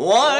What?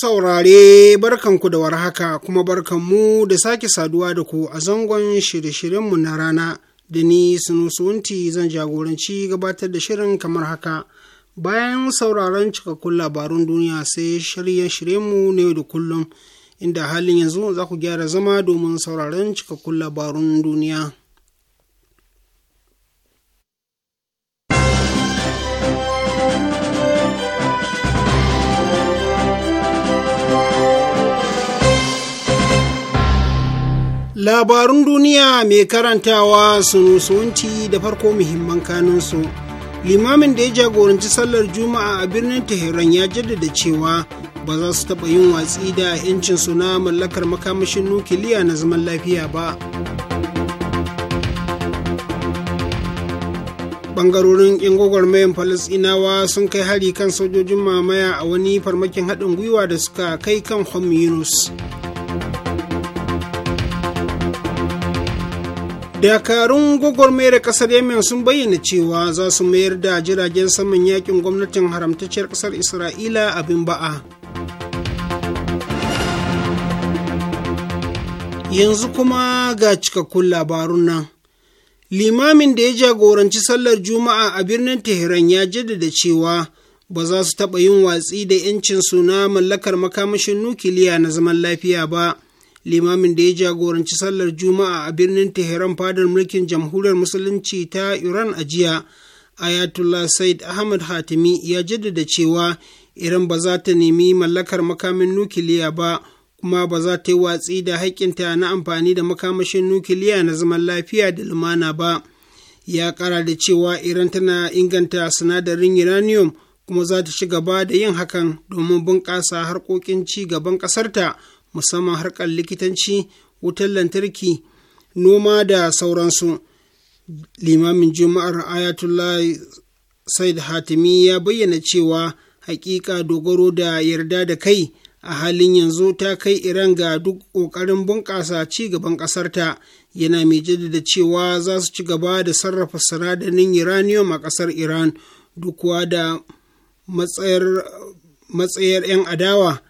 saurare barkanku da warhaka kuma barkanmu da sake saduwa da ku a zangon shirye-shiryenmu na rana da ni sunusunti zan jagoranci gabatar da shirin kamar haka bayan sauraron cikakkun labarun duniya sai shirye-shiryenmu na yau da kullum inda halin yanzu za ku gyara zama domin sauraron cikakkun labarun duniya. Labarun duniya mai karantawa sunusunti da farko muhimman kanunsu. Limamin da ya jagoranci sallar Juma'a a birnin Tehran ya jaddada cewa ba za su taɓa yin watsi da 'yancinsu na mallakar makamashin nukiliya na zaman lafiya ba. Bangarorin 'yan gwagwarmayan Falasinawa sun kai hari kan sojojin mamaya a wani farmakin haɗin gwiwa da suka kai kan Hom Yunus. dakarun gwagwarmayar kasar yemen sun bayyana cewa za su mayar da jiragen saman yakin gwamnatin haramtacciyar kasar isra'ila abin ba'a yanzu kuma ga cikakkun labarun nan limamin da ya jagoranci sallar juma'a a birnin tehran ya jaddada cewa ba za su taɓa yin watsi da 'yancin suna mallakar makamashin nukiliya na zaman lafiya ba. limamin da ya jagoranci sallar juma'a a birnin tehran fadar mulkin jamhuriyar musulunci ta iran a jiya ayatollah said ahmad hatimi ya jaddada cewa iran ba za ta nemi mallakar makamin nukiliya ba kuma ba za ta yi watsi da haƙƙinta na amfani da makamashin nukiliya na zaman lafiya da lumana ba ya ƙara da cewa iran tana inganta sinadarin uranium kuma za ta ci gaba da yin hakan domin bunƙasa harkokin ci gaban ƙasarta musamman harkar likitanci wutar lantarki noma da sauransu limamin juma'ar ayatollah said hatimi ya bayyana cewa hakika dogaro da yarda da kai a halin yanzu ta kai iran ga duk ƙoƙarin bunƙasa ci gaban ƙasarta yana mai jaddada cewa za su ci gaba da sarrafa sinadarin uranium a ƙasar iran duk da matsayar 'yan adawa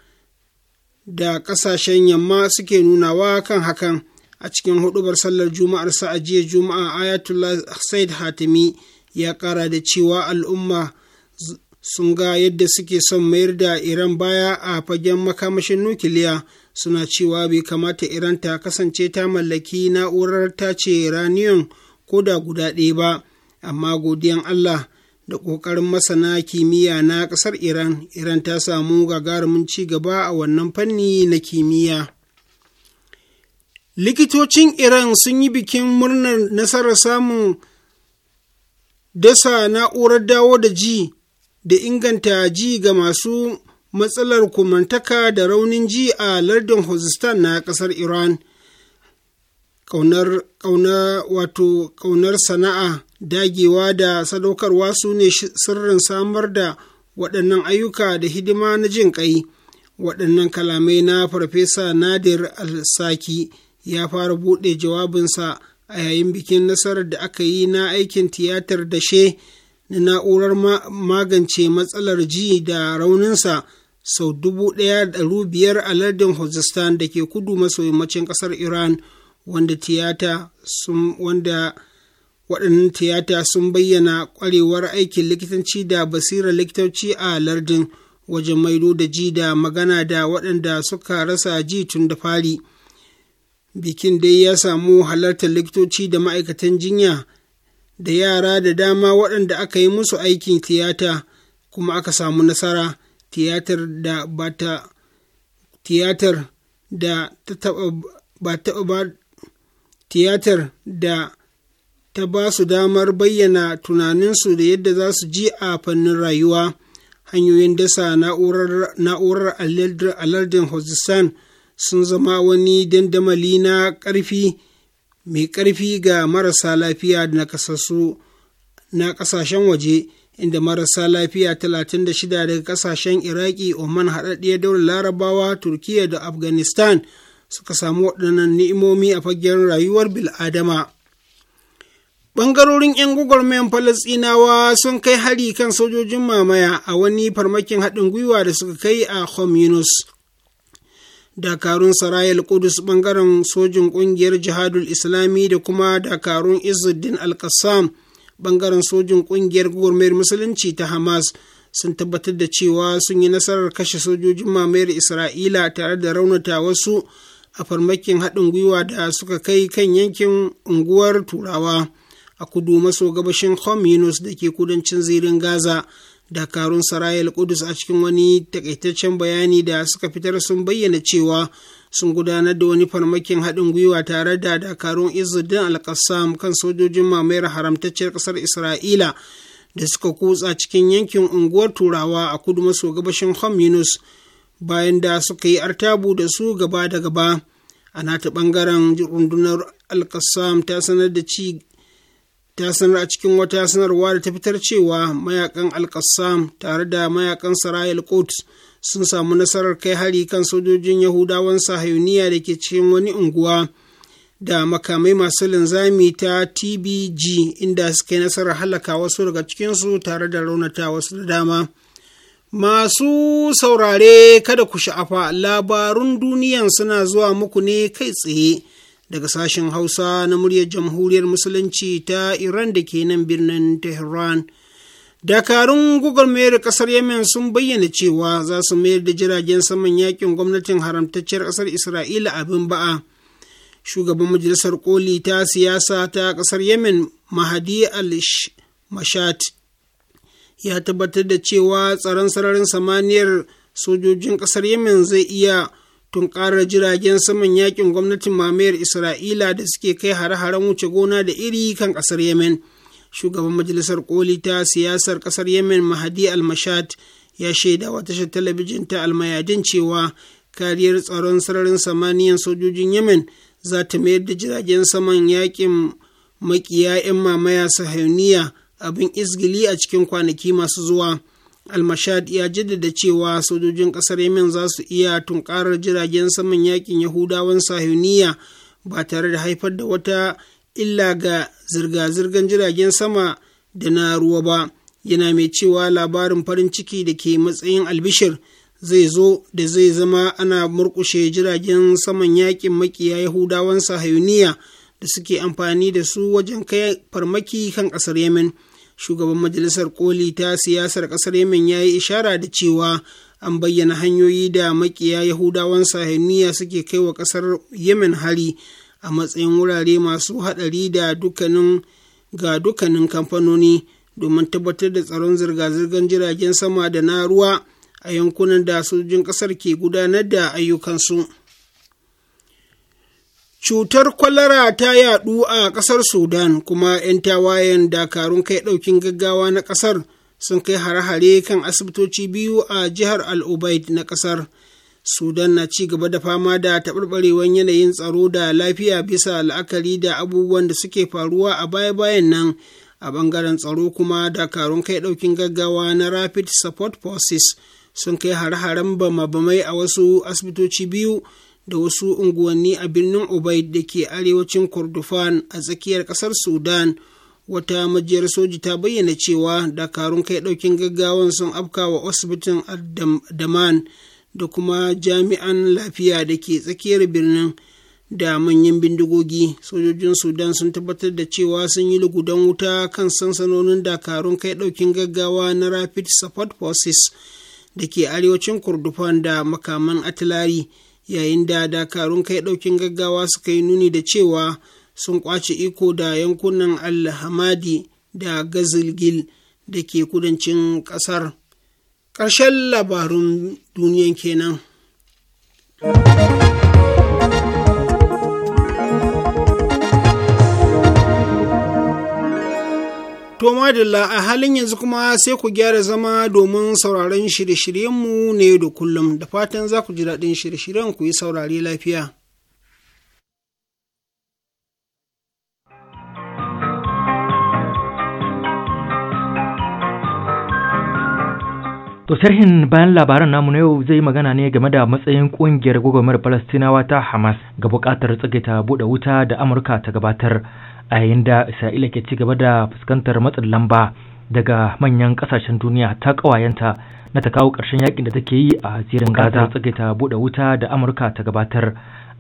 da ƙasashen yamma suke nunawa kan hakan a cikin hudubar sallar juma'ar sa a jiya juma'a ayatullah said hatimi ya ƙara da cewa al'umma sun ga yadda suke son mayar da iran baya a fagen makamashin nukiliya suna cewa bai kamata iran ta kasance ta mallaki na'urar tace raniyon ko da guda ɗaya ba amma godiyan allah da ƙoƙarin masana kimiyya na ƙasar Iran, Iran ta samu gagarumin ci gaba a wannan fanni na kimiyya. Likitocin Iran sun yi bikin murnar nasarar samun dasa na'urar dawo da ji da inganta ji ga masu matsalar kumantaka da raunin ji a lardin Hozistan na ƙasar Iran. Ƙaunar wato ƙaunar sana'a dagewa da sadaukarwa su ne sirrin samar da waɗannan ayyuka da hidima na jin ƙai waɗannan kalamai na farfesa nadir al-saki ya fara buɗe jawabinsa a yayin bikin nasarar da aka yi na aikin tiyatar da dashe na na'urar magance matsalar ji da rauninsa sau dubu ɗaya da biyar a lardin hozistan da ke kudu maso yammacin ƙasar Iran wanda tiyata sun wanda waɗannan tiyata sun bayyana ƙwarewar aikin likitanci da basirar likitanci a lardin wajen maido da ji da magana da waɗanda suka rasa ji tun da fari bikin dai ya samu halartar likitoci da ma'aikatan jinya da yara da dama waɗanda aka yi musu aikin tiyata kuma aka samu nasara tiyatar da bata tiyatar da ta taɓa ba tiyatar da ta ba su damar bayyana tunaninsu da yadda za su ji a fannin rayuwa hanyoyin dasa na'urar alardin hosistan sun zama wani dandamali na ƙarfi mai ƙarfi ga marasa lafiya na na ƙasashen waje inda marasa lafiya 36 daga ƙasashen iraki oman haɗaɗɗiyar daular larabawa turkiya da afghanistan suka samu waɗannan ni'imomi a fagen rayuwar bil'adama. Ɓangarorin 'yan gwagwarmayan Falasɗinawa sun kai hari kan sojojin mamaya a wani farmakin haɗin gwiwa da suka kai a Hom Yunus. Dakarun Sarayal Kudus ɓangaren sojin ƙungiyar Jihadul Islami da kuma dakarun Izzuddin Al-Qassam ɓangaren sojin ƙungiyar gwagwarmayar Musulunci ta Hamas. sun tabbatar da cewa sun yi nasarar kashe sojojin mamayar isra'ila tare da raunata wasu a farmakin haɗin gwiwa da suka kai kan yankin unguwar turawa a kudu maso gabashin Hom Yunus da ke kudancin zirin Gaza. Dakarun Sarayal Kudus a cikin wani takaitaccen bayani da suka fitar sun bayyana cewa sun gudanar da wani farmakin haɗin gwiwa tare da dakarun izudin Al-Qassam kan sojojin mamayar haramtacciyar ƙasar Isra'ila da suka kutsa cikin yankin unguwar Turawa a kudu maso gabashin Hom Yunus bayan da suka yi artabu da su gaba da gaba. A nata bangaren rundunar al ta sanar da ci ta sanar a cikin wata sanarwa da ta fitar cewa mayakan alkassam tare da mayakan sarayil kot sun samu nasarar kai hari kan sojojin yahudawan sahayuniya da ke cikin wani unguwa da makamai masu linzami ta tbg inda suka yi nasarar halaka wasu daga cikinsu tare da raunata wasu da dama masu saurare kada ku sha'afa labarun duniyan suna zuwa muku ne kai tsaye daga sashen Hausa na muryar Jamhuriyar Musulunci ta Iran da ke nan birnin Tehran. Dakarun gwagwarmayar ƙasar Yemen sun bayyana cewa za su mayar da jiragen saman yakin gwamnatin haramtacciyar ƙasar Isra'ila abin ba'a. Shugaban Majalisar Koli ta siyasa ta ƙasar Yemen Mahadi al-Mashat ya tabbatar da cewa tsaron sararin samaniyar sojojin ƙasar Yemen zai iya tun ƙarar jiragen saman yakin gwamnatin mamayar isra'ila da suke kai hare-haren wuce gona da iri kan ƙasar yemen shugaban majalisar koli ta siyasar ƙasar yemen mahadi almashat ya shaida wa tashar talabijin ta almayadin cewa kariyar tsaron sararin samaniyan sojojin yemen za ta mayar da jiragen saman yakin makiya 'yan mamaya sahayuniya abin izgili a cikin kwanaki masu zuwa almashad ya jaddada cewa sojojin ƙasar yemen za su iya tunkarar jiragen saman yakin yahudawan sahuniya ba tare da haifar da wata illa ga zirga-zirgar jiragen sama da na ruwa ba yana mai cewa labarin farin ciki da ke matsayin albishir zai zo da zai zama ana murkushe jiragen saman yakin makiya yahudawan sahuniya da suke amfani da su wajen kai farmaki kan ƙasar yemen shugaban majalisar koli ta siyasar kasar yemen ya yi ishara da cewa an bayyana hanyoyi da makiya yahudawan sahiniya suke kai wa kasar yemen hari a matsayin wurare masu haɗari da dukkanin ga dukkanin kamfanoni domin tabbatar da tsaron zirga-zirgar jiragen sama da na ruwa a yankunan da sojojin kasar ke gudanar da ayyukansu. Cutar kwalara ta yaɗu a kasar Sudan kuma 'yan tawayen dakarun kai ɗaukin gaggawa na kasar sun kai hare-hare kan asibitoci biyu a jihar al na kasar. Sudan na ci gaba da fama da taɓarɓarewar yanayin tsaro da lafiya bisa la'akari da abubuwan da suke faruwa a baya-bayan nan a ɓangaren tsaro kuma dakarun kai ɗaukin gaggawa na Rapid Support Forces sun kai hare-haren bama-bamai a wasu asibitoci biyu. da wasu unguwanni a birnin Ubaid da ke arewacin Kordofan a tsakiyar ƙasar Sudan. Wata majiyar soji ta bayyana cewa dakarun kai ɗaukin gaggawa sun afka wa asibitin Daman da kuma jami'an lafiya da ke tsakiyar birnin da manyan bindigogi. Sojojin Sudan sun tabbatar da cewa sun yi lugudan wuta kan sansanonin dakarun kai ɗaukin gaggawa na Rapid Support Forces da ke arewacin Kordofan da makaman atilari. yayin da dakarun kai ɗaukin gaggawa suka yi nuni da cewa sun kwace iko da yankunan alhamadi da gazilgil da ke kudancin ƙasar ƙarshen labarun duniyan kenan. To madalla a halin yanzu kuma sai ku gyara zama domin sauraron shirye-shiryenmu ne da kullum da fatan za ku ji daɗin shirye-shiryen ku yi saurare lafiya. To sarhin bayan labaran namu na yau zai magana ne game da matsayin kungiyar gwagwarmar Falastinawa ta Hamas ga buƙatar tsagaita buɗe wuta da Amurka ta gabatar. a yayin da isra'ila ke ci gaba da fuskantar matsin lamba daga manyan kasashen duniya ta kawayenta na ta kawo ƙarshen yakin da take yi a zirin gaza tsage ta buɗe wuta da amurka ta gabatar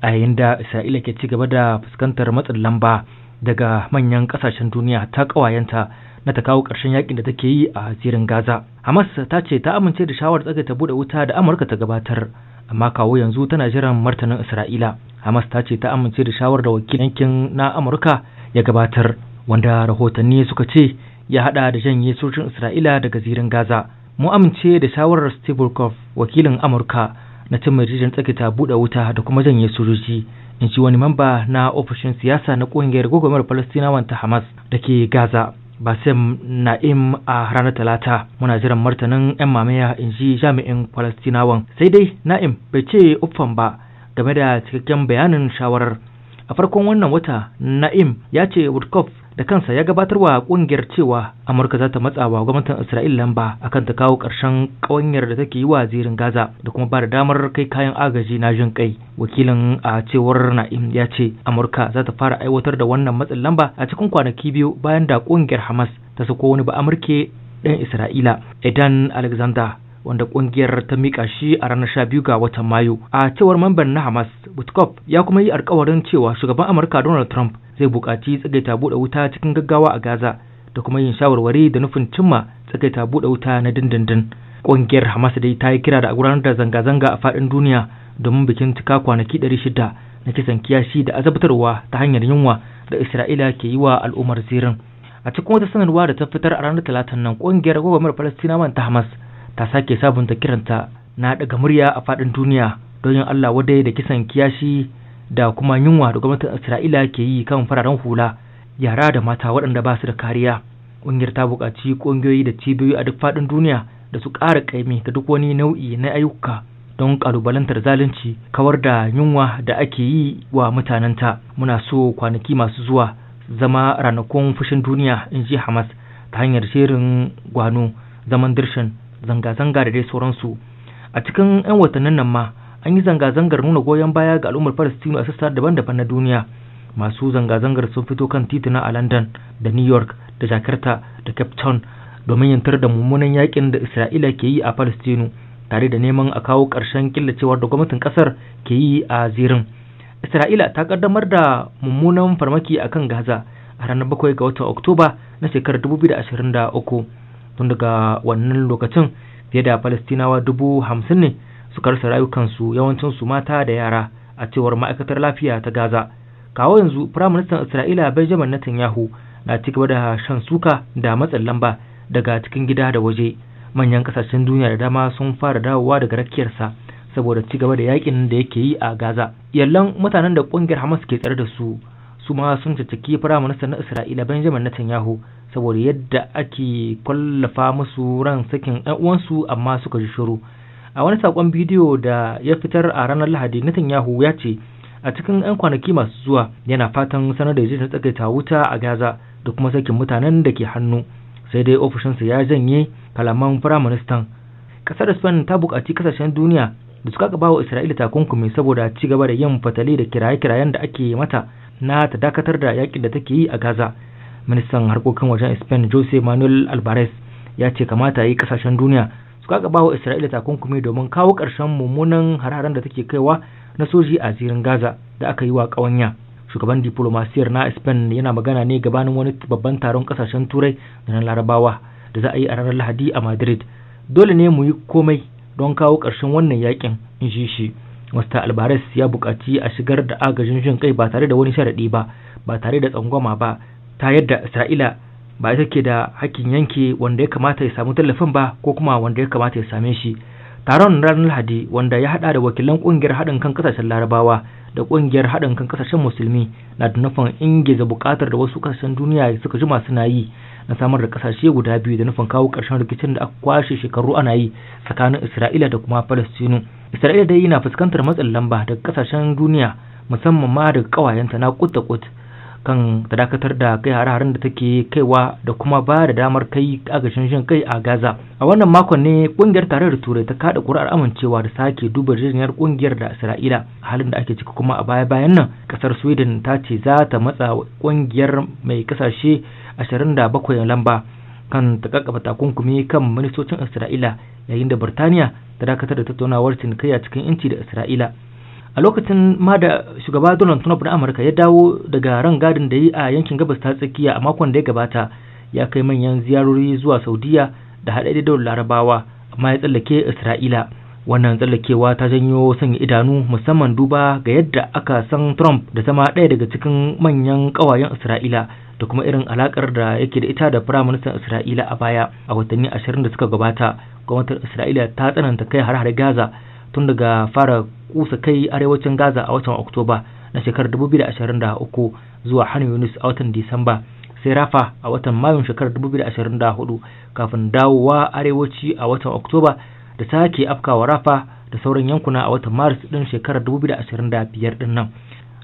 a yayin da isra'ila ke ci gaba da fuskantar matsin lamba daga manyan kasashen duniya ta kawayenta na ta kawo ƙarshen yakin da take yi a zirin gaza hamas ta ce ta amince da shawarar tsage ta buɗe wuta da amurka ta gabatar amma kawo yanzu tana jiran martanin isra'ila hamas ta ce ta amince da shawarar da wakilin na amurka ya gabatar wanda rahotanni suka ce ya hada da janye sojin isra'ila daga zirin gaza mu amince da shawarar steve Wolkoff, wakilin amurka na cin marijin tsakita buɗe wuta da kuma janye sojoji in ji wani mamba na ofishin siyasa na ƙungiyar gwagwarmar falastinawan ta hamas da ke gaza Basim Na'im a ranar Talata muna jiran martanin 'yan mamaya in ji jami'in Falastinawan. Sai dai Na'im bai ce uffan ba game da cikakken bayanin shawarar a farkon wannan wata na'im ya ce woodcock da kansa ya gabatar wa kungiyar cewa amurka za ta wa gwamnatin isra'ila lamba akan ta kawo ƙarshen ƙawanyar da take yi wa zirin gaza da kuma ba da damar kai kayan agaji na jin kai wakilin a cewar na'im ya ce amurka za ta fara aiwatar da wannan matsin lamba a cikin kwanaki biyu bayan da kungiyar hamas ta sako wani ba amurke ɗan isra'ila Edan alexander wanda kungiyar ta mika shi a ranar 12 ga watan Mayu. A cewar mamban na Hamas, Butkop ya kuma yi alkawarin cewa shugaban Amurka Donald Trump zai buƙaci tsagaita buɗe wuta cikin gaggawa a Gaza da kuma yin shawarwari da nufin cimma tsagaita buɗe wuta na dindindin. Kungiyar Hamas dai ta yi kira da gudanar da zanga-zanga a faɗin duniya domin bikin cika kwanaki 600 na kisan kiyashi da azabtarwa ta hanyar yunwa da Isra'ila ke yi wa al'ummar zirin. a cikin wata sanarwa da ta fitar a ranar talatin nan kungiyar palestina man ta hamas ta sake sabunta kiranta na daga murya a faɗin duniya don yin Allah wadai da kisan kiyashi da kuma yunwa da gwamnatin Isra'ila ke yi kan fararen hula yara da mata waɗanda ba su da kariya. Ƙungiyar ta buƙaci ƙungiyoyi da cibiyoyi a duk faɗin duniya da su ƙara ƙaimi da duk wani nau'i na ayyuka don ƙalubalantar zalunci kawar da yunwa da ake yi wa mutanenta. Muna so kwanaki masu zuwa zama ranakun fushin duniya in ji Hamas ta hanyar shirin gwano zaman dirshin zanga-zanga da dai sauransu a cikin 'yan watannin nan ma an yi zanga-zangar nuna goyon baya ga al'ummar palestino a sassa daban-daban na duniya masu zanga-zangar sun fito kan tituna a london da new york da jakarta da cape town domin yantar da mummunan yakin da isra'ila ke yi a palestino tare da neman a kawo ƙarshen killacewar da gwamnatin ƙasar ke yi a zirin isra'ila ta kaddamar da mummunan farmaki akan gaza a ranar 7 ga watan oktoba na shekarar 2023 tun daga wannan lokacin fiye da falastinawa dubu hamsin ne suka rasa rayukansu su mata da yara a cewar ma'aikatar lafiya ta gaza kawo yanzu firaministan isra'ila benjamin netanyahu na ci gaba da shan suka da matsin lamba daga cikin gida da waje manyan ƙasashen duniya da dama sun fara dawowa daga rakiyarsa saboda ci gaba da yakin da yake yi a gaza yallan mutanen da ƙungiyar hamas ke tsare da su su ma sun caccaki firaministan na isra'ila benjamin netanyahu saboda yadda ake kwallafa musu ran sakin uwansu amma suka ji shiru a wani sakon bidiyo da ya fitar a ranar lahadi na Tanyahu ya ce a cikin 'yan kwanaki masu zuwa yana fatan sanar da ta tsakaita wuta a gaza da kuma sakin mutanen da ke hannu sai dai ofishinsa ya janye kalaman firaministan ƙasar spain ta buƙaci ƙasashen duniya da suka gaba wa isra'ila takunkumi saboda ci gaba da yin fatali da kiraye-kirayen da ake mata na ta dakatar da yakin da take yi a gaza ministan harkokin wajen spain jose manuel alvarez ya ce kamata yi kasashen duniya su kaka bawa isra'ila takunkumi domin kawo karshen mummunan hararen da take kaiwa na soji a zirin gaza da aka yi wa kawanya shugaban diplomasiyar na spain yana magana ne gabanin wani babban taron kasashen turai da na larabawa da za a yi a ranar lahadi a madrid dole ne mu yi komai don kawo ƙarshen wannan yakin in ji shi mr albares ya bukaci a shigar da agajin jin kai ba tare da wani sharaɗi ba ba tare da tsangwama ba ta yadda isra'ila ba ita ke da hakkin yanke wanda ya kamata ya samu tallafin ba ko kuma wanda ya kamata ya same shi taron ranar lahadi wanda ya hada da wakilan kungiyar haɗin kan kasashen larabawa da kungiyar haɗin kan kasashen musulmi na da nufin ingiza buƙatar da wasu kasashen duniya suka jima suna yi na samar da kasashe guda biyu da nufin kawo ƙarshen rikicin da aka kwashe shekaru ana yi tsakanin isra'ila da kuma falastinu isra'ila dai na fuskantar matsin lamba daga kasashen duniya musamman ma daga ƙawayenta na kut da kut kan ta dakatar da kai har harin da take kaiwa da kuma ba da damar kai agajin shan kai a Gaza. A wannan makon ne kungiyar tarayyar Turai ta kada kuri'ar amincewa da sake duba jirgin kungiyar da Isra'ila halin da ake ciki kuma a baya-bayan nan kasar Sweden ta ce za ta matsa kungiyar mai kasashe 27 lamba kan ta kakkaba takunkumi kan ministocin Isra'ila yayin da Birtaniya ta dakatar da tattaunawar cinikayya cikin inci da Isra'ila. a lokacin ma da shugaba donald trump na amurka ya dawo daga ran gadin da yi a yankin gabas ta tsakiya a makon da ya gabata ya kai manyan ziyarori zuwa saudiya da haɗe da larabawa amma ya tsallake isra'ila wannan tsallakewa ta janyo sanya idanu musamman duba ga yadda aka san trump da zama ɗaya daga cikin manyan ƙawayen isra'ila da kuma irin alakar da yake da ita da firaministan isra'ila a baya a watanni ashirin da suka gabata gwamnatin isra'ila ta tsananta kai har har gaza tun daga fara kusa kai arewacin gaza a watan oktoba na shekarar 2023 zuwa han Yunus a watan disamba sai rafa a watan mayun shekarar 2024 kafin dawowa arewaci a watan oktoba da sake afkawa rafa da sauran yankuna a watan maris din shekarar 2025 din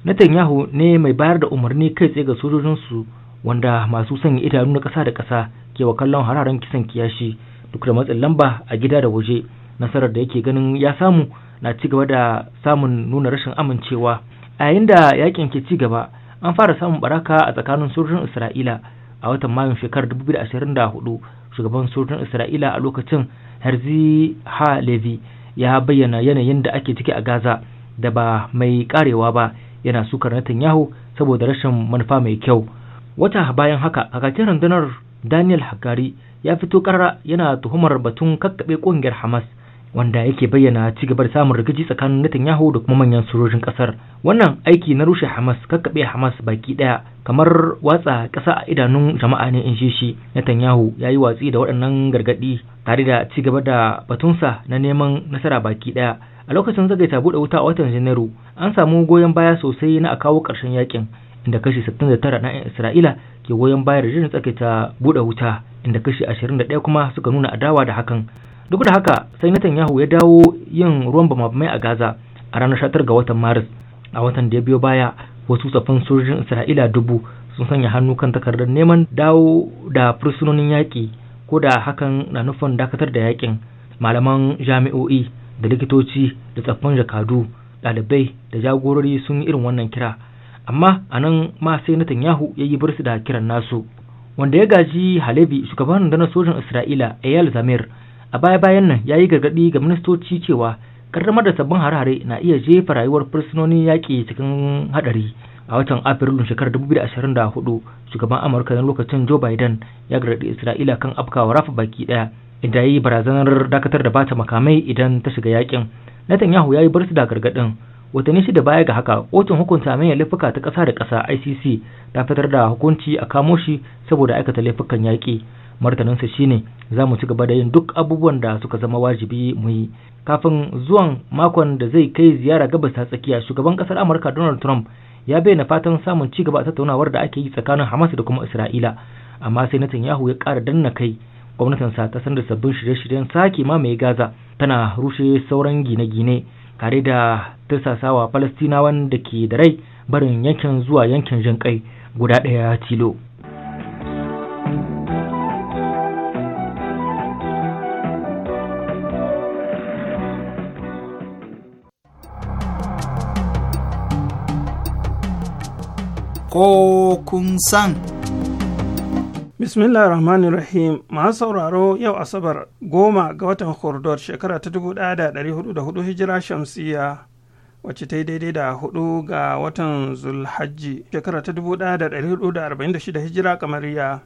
Netanyahu ne mai bayar da umarni kai tsaye ga sojojinsu wanda masu sanya idanu na ƙasa da ƙasa ke wa kallon hararen kisan kiyashi duk da matsin lamba a gida da waje nasarar da yake ganin ya samu na ci gaba da samun nuna rashin amincewa a yayin da yakin ke ci gaba an fara samun baraka a tsakanin sojojin isra'ila a watan mayun shekarar 2024 shugaban sojojin isra'ila a lokacin herzi ha levi ya bayyana yanayin da ake ciki a gaza da ba mai karewa ba yana sukar netanyahu saboda rashin manufa mai kyau wata bayan haka kakakin rundunar daniel hakari ya fito ƙara yana tuhumar batun kakkaɓe ƙungiyar hamas wanda yake bayyana ci gaba da samun rikici tsakanin Netanyahu da kuma manyan sojojin kasar. Wannan aiki na rushe Hamas kakkaɓe Hamas baki ɗaya kamar watsa kasa a idanun jama'a ne in shi shi Netanyahu ya yi watsi da waɗannan gargaɗi tare da ci gaba da batunsa na neman nasara baki ɗaya. A lokacin zagaita buɗe wuta a watan Janairu an samu goyon baya sosai na a kawo ƙarshen yakin inda kashi 69 na 'yan Isra'ila ke goyon bayar da jirin tsakaita buɗe wuta inda kashi 21 kuma suka nuna adawa da hakan duk da haka sai netanyahu ya dawo yin ruwan bama bamabamai a gaza a ranar 19 ga watan maris a watan da ya biyo baya wasu tsafin sojojin isra'ila dubu sun sanya hannu kan takardar neman dawo da fursunonin yaƙi ko da hakan na nufin dakatar da yaƙin malaman jami'o'i da likitoci da tsaffin jakadu ɗalibai da jagorori sun yi irin wannan kira amma a nan ma sai Netanyahu ya yi bursu da kiran nasu wanda ya gaji Halebi shugaban rundunar sojan Isra'ila Eyal Zamir a baya-bayan nan ya yi gargaɗi ga ministoci cewa ƙaddamar da sabbin hare-hare na iya jefa rayuwar fursunonin yaƙi cikin haɗari a watan afrilun shekarar 2024 shugaban amurka na lokacin joe biden ya gargaɗi isra'ila kan afkawa rafa baki ɗaya inda ya yi barazanar dakatar da bata makamai idan ta shiga yaƙin netanyahu ya yi barsu da gargaɗin watanni shida baya ga haka kotun hukunta mai laifuka ta kasa da kasa icc ta fitar da hukunci a kamo shi saboda aikata laifukan yaƙi martaninsa shine za mu ci gaba da yin duk abubuwan da suka zama wajibi mu yi kafin zuwan makon da zai kai ziyara gabas ta tsakiya shugaban ƙasar amurka donald trump ya bayyana fatan samun ci gaba a tattaunawar da ake yi tsakanin hamas da kuma isra'ila amma sai yahu ya kara danna kai gwamnatinsa ta sanar da sabbin shirye-shiryen sake mamaye gaza tana rushe sauran gine-gine tare da tasasawa falastinawan da ke da rai barin yankin zuwa yankin jin kai guda ɗaya tilo ko kun san Bismillah Rahmanir Rahim, masu sauraro yau Asabar goma ga watan Hordor shekara ta dubu ɗaya da ɗari hudu da hudu hijira shamsiya wacce ta yi daidai da hudu ga watan Zulhajji shekara ta dubu ɗaya da ɗari hudu da arba'in da shida hijira kamariya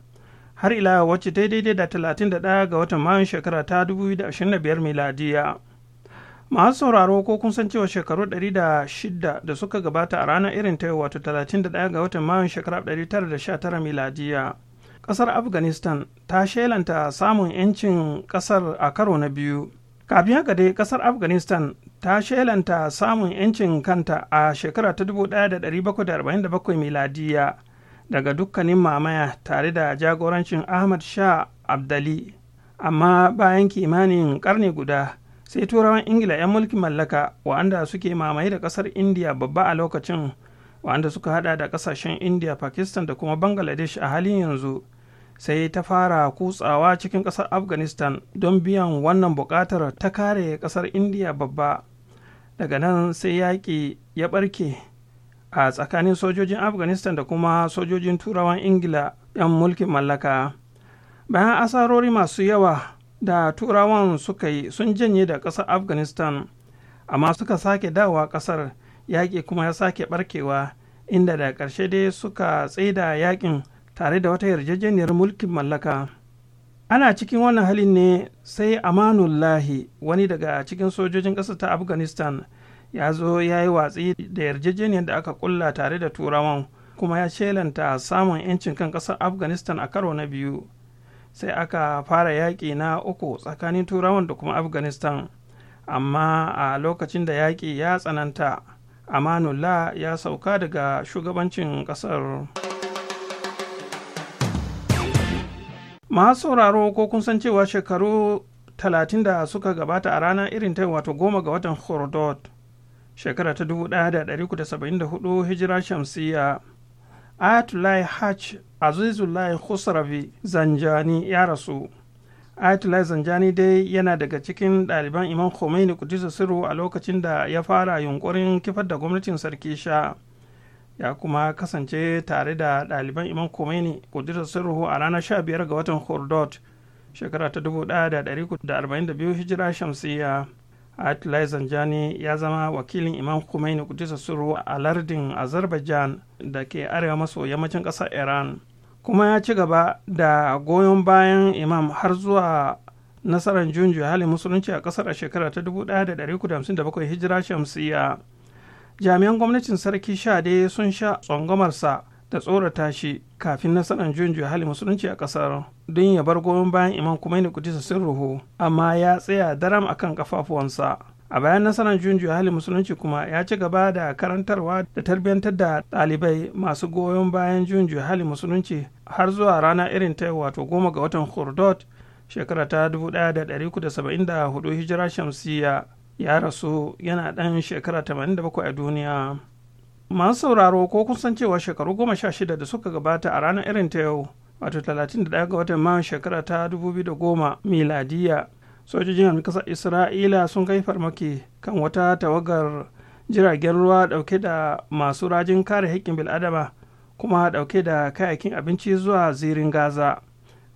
har ila wacce ta yi daidai da talatin da ɗaya ga watan Mayun shekara ta dubu da ashirin da biyar miladiya. Masu sauraro ko kun san cewa shekaru ɗari da shida da suka gabata a ranar irin ta yau wato talatin da ɗaya ga watan Mayun shekara ɗari tara da sha tara miladiya. kasar afghanistan ta shelanta samun 'yancin kasar a karo na biyu kafin haka dai kasar afghanistan ta shelanta samun 'yancin kanta a shekara ta 1747 miladiya daga dukkanin mamaya tare da jagorancin ahmad shah abdali amma bayan kimanin karni guda sai turawan ingila 'yan mulkin mallaka wa'anda suke mamaye da kasar indiya babba a lokacin wa'anda suka hada da kasashen indiya pakistan da kuma bangladesh a halin yanzu sai ta fara kutsawa cikin ƙasar afghanistan don biyan wannan buƙatar ta kare ƙasar indiya babba daga nan sai yaƙi ya ɓarke a tsakanin sojojin afghanistan da kuma sojojin turawan ingila 'yan mulkin mallaka bayan asarori masu yawa da turawan suka yi sun janye da ƙasar afghanistan amma suka sake dawa ƙasar yaƙi kuma ya sake ɓarkewa inda da ƙarshe dai suka tsaida yaƙin tare da wata yarjejeniyar mulkin mallaka ana cikin wannan halin ne sai amanullahi wani daga cikin sojojin ƙasa ta afghanistan ya zo ya yi watsi da yarjejeniyar da aka kulla tare da turawan kuma ya shelanta samun 'yancin kan ƙasar afghanistan a karo na biyu sai aka fara yaƙi na uku tsakanin turawan da kuma afghanistan amma a lokacin da yaƙi ya tsananta amanullah ya sauka daga shugabancin ƙasar. masu sauraro ko kun san cewa shekaru talatin da suka gabata a rana irin ta wato goma ga watan hordot shekara ta dubu da da dari saba'in hudu hijira shamsiya ayatollah hajj azizullah khusravi zanjani ya rasu ayatollah zanjani dai yana daga cikin ɗaliban imam khomeini kudisa siru a lokacin da ya fara yunkurin kifar da gwamnatin sarki sha ya kuma kasance tare da ɗaliban iman komeni ƙudurar sirruhu a ranar 15 ga watan hordot shekara ta 1442 hijira shamsiyya Atulai Zanjani ya zama wakilin iman komeni Kudisa sirruhu a lardin Azerbaijan da ke arewa maso yammacin ƙasar Iran. Kuma ya ci gaba da goyon bayan Imam har zuwa nasarar junjiya halin musulunci a ƙasar a shekara ta 1957 hijira shamsiyya. jami'an gwamnatin sarki sha dai sun sha tsangwamarsa da tsorata shi kafin nasarar juyin juya hali musulunci a kasar don ya bar goyon bayan imam kuma ne kudisa sun ruhu amma ya tsaya daram akan kafafuwansa a bayan nasarar juyin juya hali musulunci kuma ya ci gaba da karantarwa da tarbiyyantar da ɗalibai masu goyon bayan juyin juya hali musulunci har zuwa rana irin ta wato goma ga watan hurdot shekara ta hudu hijira shamsiyya ya rasu yana ɗan shekara 87 a duniya masu sauraro ko kun cewa shekaru goma sha shida da suka gabata a ranar irin ta yau wato 31 ga watan mayu shekara ta 2010 miladiya sojojin kasar isra'ila sun kai farmaki kan wata tawagar jiragen ruwa dauke da masu rajin kare haƙƙin bil'adama kuma dauke da kayakin abinci zuwa zirin gaza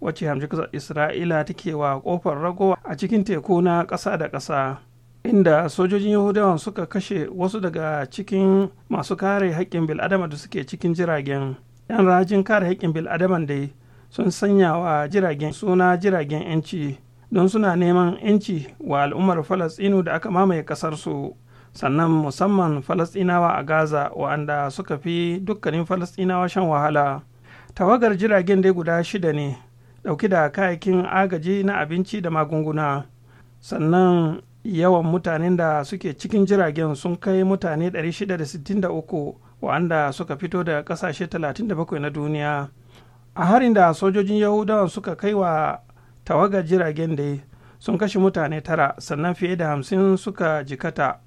wacce hamshi kasar isra'ila take wa kofar ragowa a cikin teku na ƙasa da ƙasa inda sojojin yahudawan suka kashe wasu daga cikin masu kare haƙƙin bil'adama da suke cikin jiragen yan rajin kare haƙƙin bil'adaman dai sun sanya wa jiragen suna jiragen 'yanci don suna neman 'yanci wa al'ummar falastinu da aka mamaye ƙasarsu sannan musamman falastinawa a gaza wa'anda suka fi dukkanin falastinawa shan wahala tawagar jiragen dai guda shida ne ɗauki da kayakin agaji na abinci da magunguna sannan yawan mutanen da suke cikin jiragen sun kai mutane 663 wa'anda suka fito daga kasashe 37 na duniya a harin da sojojin yahudawan suka kai wa tawaga jiragen dai sun kashe mutane tara sannan fiye da hamsin suka jikata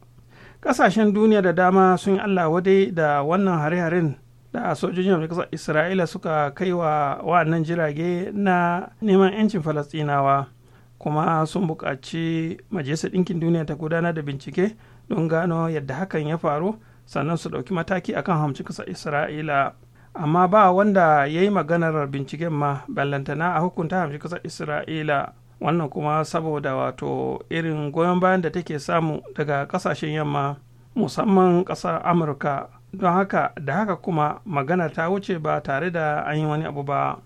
kasashen duniya da dama sun allah wadai da wannan hare-haren da sojojin amurka isra'ila suka kai wa wa'annan jirage na neman 'yancin falasɗinawa kuma sun buƙaci majalisar ɗinkin duniya ta gudanar da bincike don gano yadda hakan ya faru sannan su ɗauki mataki akan hamcin ƙasar isra'ila amma ba wanda ya yi maganar binciken ma ballantana a hukunta hamshin ƙasar isra'ila wannan kuma saboda wato irin goyon bayan da take samu daga ƙasashen yamma musamman ƙasar amurka don haka da haka kuma maganar ta wuce ba tare da an yi wani abu ba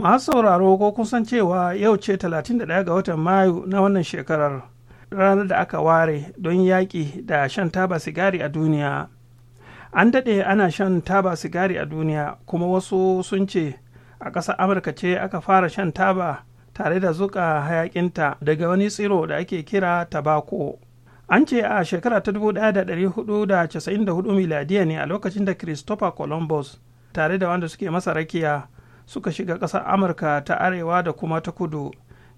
masu sauraro ko kusan cewa yau ce 31 ga watan mayu na wannan shekarar ranar da aka ware don yaƙi da shan taba sigari a duniya an daɗe ana shan taba sigari a duniya kuma wasu sun ce a ƙasar amurka ce aka fara shan taba tare da zuƙa hayaƙinta daga wani tsiro da ake kira tabako an ce a shekara ta 1494 miladiya ne a lokacin da christopher columbus tare da wanda suke masa rakiya suka shiga ƙasar amurka ta arewa da kuma ta kudu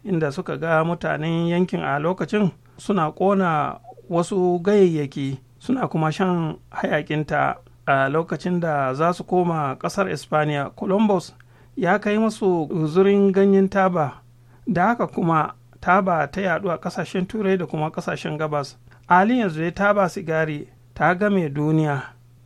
inda suka ga mutanen yankin a lokacin suna ƙona wasu gayayyaki suna kuma shan hayakinta a lokacin da za su koma ƙasar Espanya, Columbus ya kai masu guzurin ganyen taba, da haka kuma taba ta yaɗu a ƙasashen Turai da kuma ƙasashen Gabas. Ali yanzu ya taba sigari ta game duniya,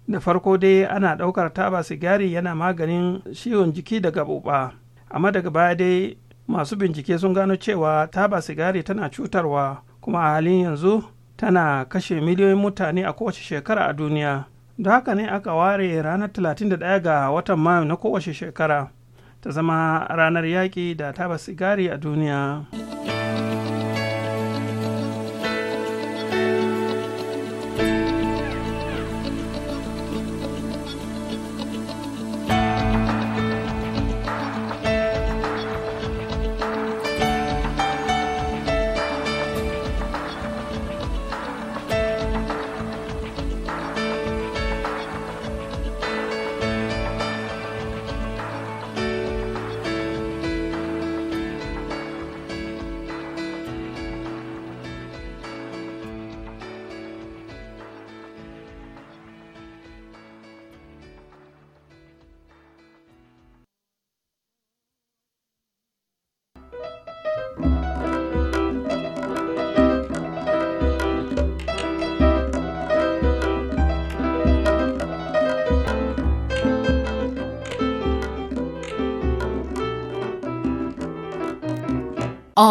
da farko dai ana ɗaukar taba sigari yana maganin ciwon jiki daga buba amma daga baya dai masu bincike sun gano cewa taba sigari tana cutarwa kuma a halin yanzu tana kashe miliyoyin mutane a kowace shekara a duniya don haka ne aka ware ranar 31 ga watan mayu na kowace shekara ta zama ranar yaƙi da taba sigari a duniya.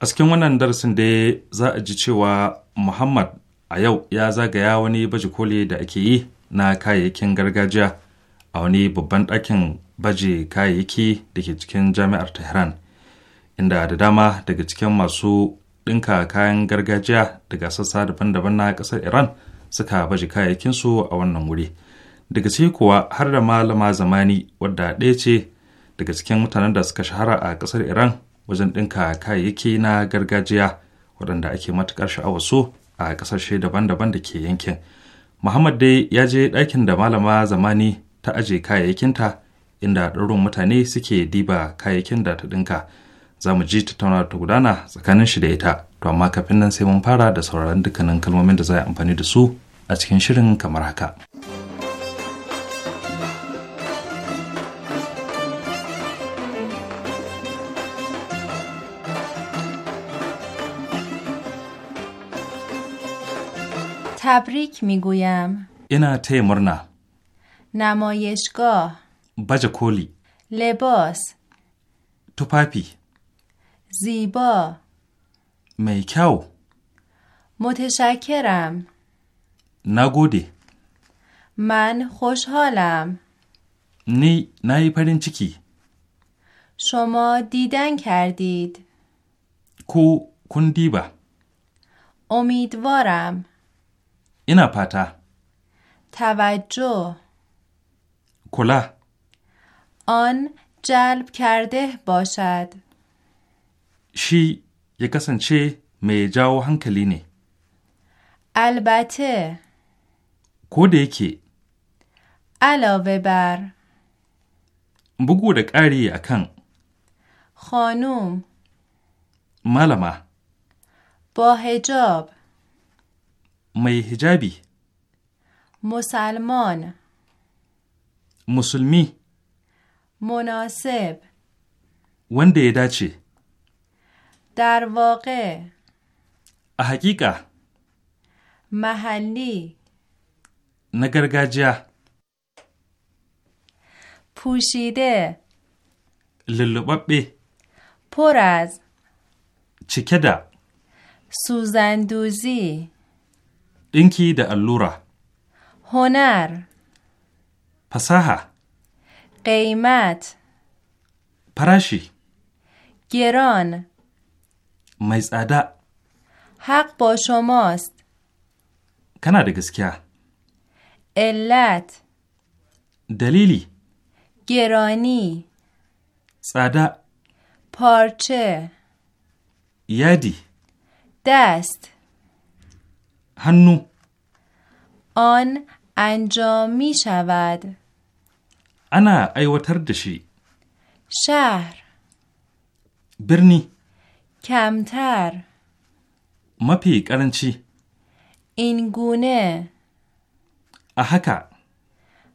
A cikin wannan darasin dai za a ji cewa Muhammad a yau ya zagaya wani baje koli da ake yi na kayayyakin gargajiya a wani babban ɗakin baje kayayyaki da ke cikin jami'ar Tehran, inda da dama daga cikin masu ɗinka kayan gargajiya daga sassa daban-daban na ƙasar Iran suka baje kayayyakinsu a wannan wuri. Daga sai kuwa har da malama zamani wadda ɗaya ce daga cikin mutanen da suka shahara a ƙasar Iran wajen ɗinka kayayyaki na gargajiya waɗanda ake matuƙar sha'awar su a ƙasashe daban-daban da ke yankin muhammad dai ya je ɗakin da malama zamani ta aje kayayyakinta inda ɗaurin mutane suke diba kayayyakin da ta ɗinka za mu ji tattauna ta gudana tsakanin shi da ita to amma kafin nan sai mun fara da sauraron dukkanin kalmomin da za a amfani da su a cikin shirin kamar haka. تبریک میگویم اینا ته مرنا نمایشگاه بج کولی لباس توپاپی زیبا میکاو متشکرم نگودی من خوشحالم نی نی پرین چیکی شما دیدن کردید کو کندیبا امیدوارم اینا توجه کلا آن جلب کرده باشد شی یا چه می جاو هنکلی نه البته کد علاوه بر بگو da ƙari akan خانوم ملما با هجاب mai hijabi musulman musulmi munasib wanda ya dace dar waqe a hakika mahalli na gargajiya fushide lullubabbe poraz cike da suzanduzi دینکی ده اللورا هنر پساها قیمت پراشی گران میزاده حق با شماست کنا گسکیا علت دلیلی گرانی ساده پارچه یادی، دست هنو آن انجام می شود انا ایوتر دشی شهر برنی کمتر مپی کرنچی این گونه احکا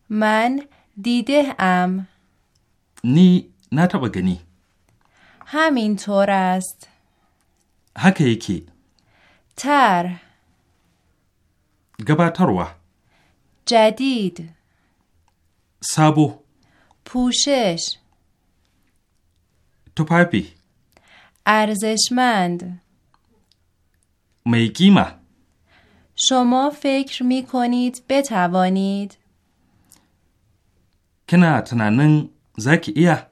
من دیده ام نی نتبا گنی همینطور است حکه یکی تر gabatarwa jadid sabo pushesh tufafi arzishmand mai kima shoma fikir mikonid betawanid kina tunanin zaki iya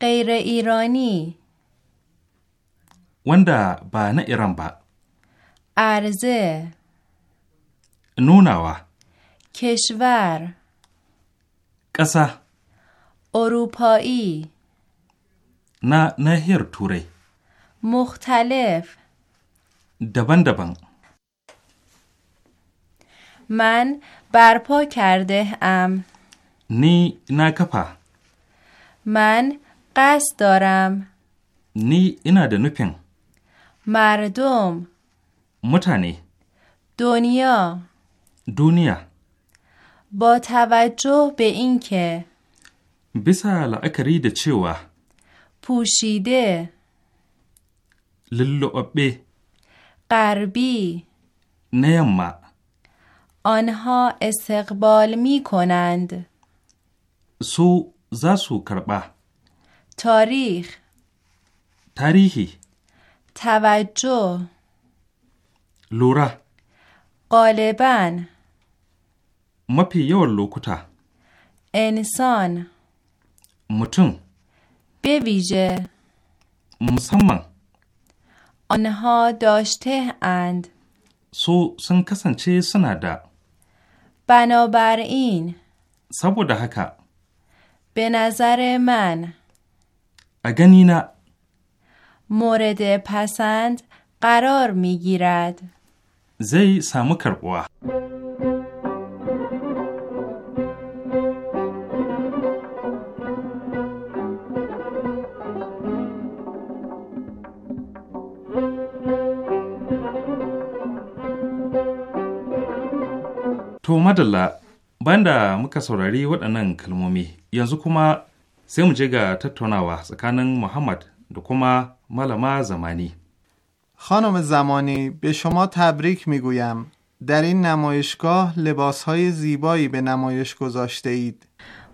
ƙaira irani wanda ba na iran ba Arze. نوناوا کشور قسا اروپایی نه نهیر توره مختلف دبن دبن من برپا کرده ام نی نکپا من قصد دارم نی اینا ده نپین مردم متانی دنیا دنیا با توجه به اینکه بسا لعکری چوا پوشیده للعبه غربی نیما آنها استقبال می کنند سو زاسو کربا تاریخ تاریخی توجه لورا غالبا مپی yawan lokuta انسان متن به ویژه مسمم آنها داشته اند سو سن کسنچه سنادا بنابراین سبوده هکه به نظر من اگنی نه مورد پسند قرار میگیرد زی سامو کربوه To madalla banda muka saurari waɗannan kalmomi yanzu kuma sai mu je ga tattaunawa tsakanin Muhammad da خانم زمانی به شما تبریک میگویم در این نمایشگاه لباسهای زیبایی به نمایش گذاشته اید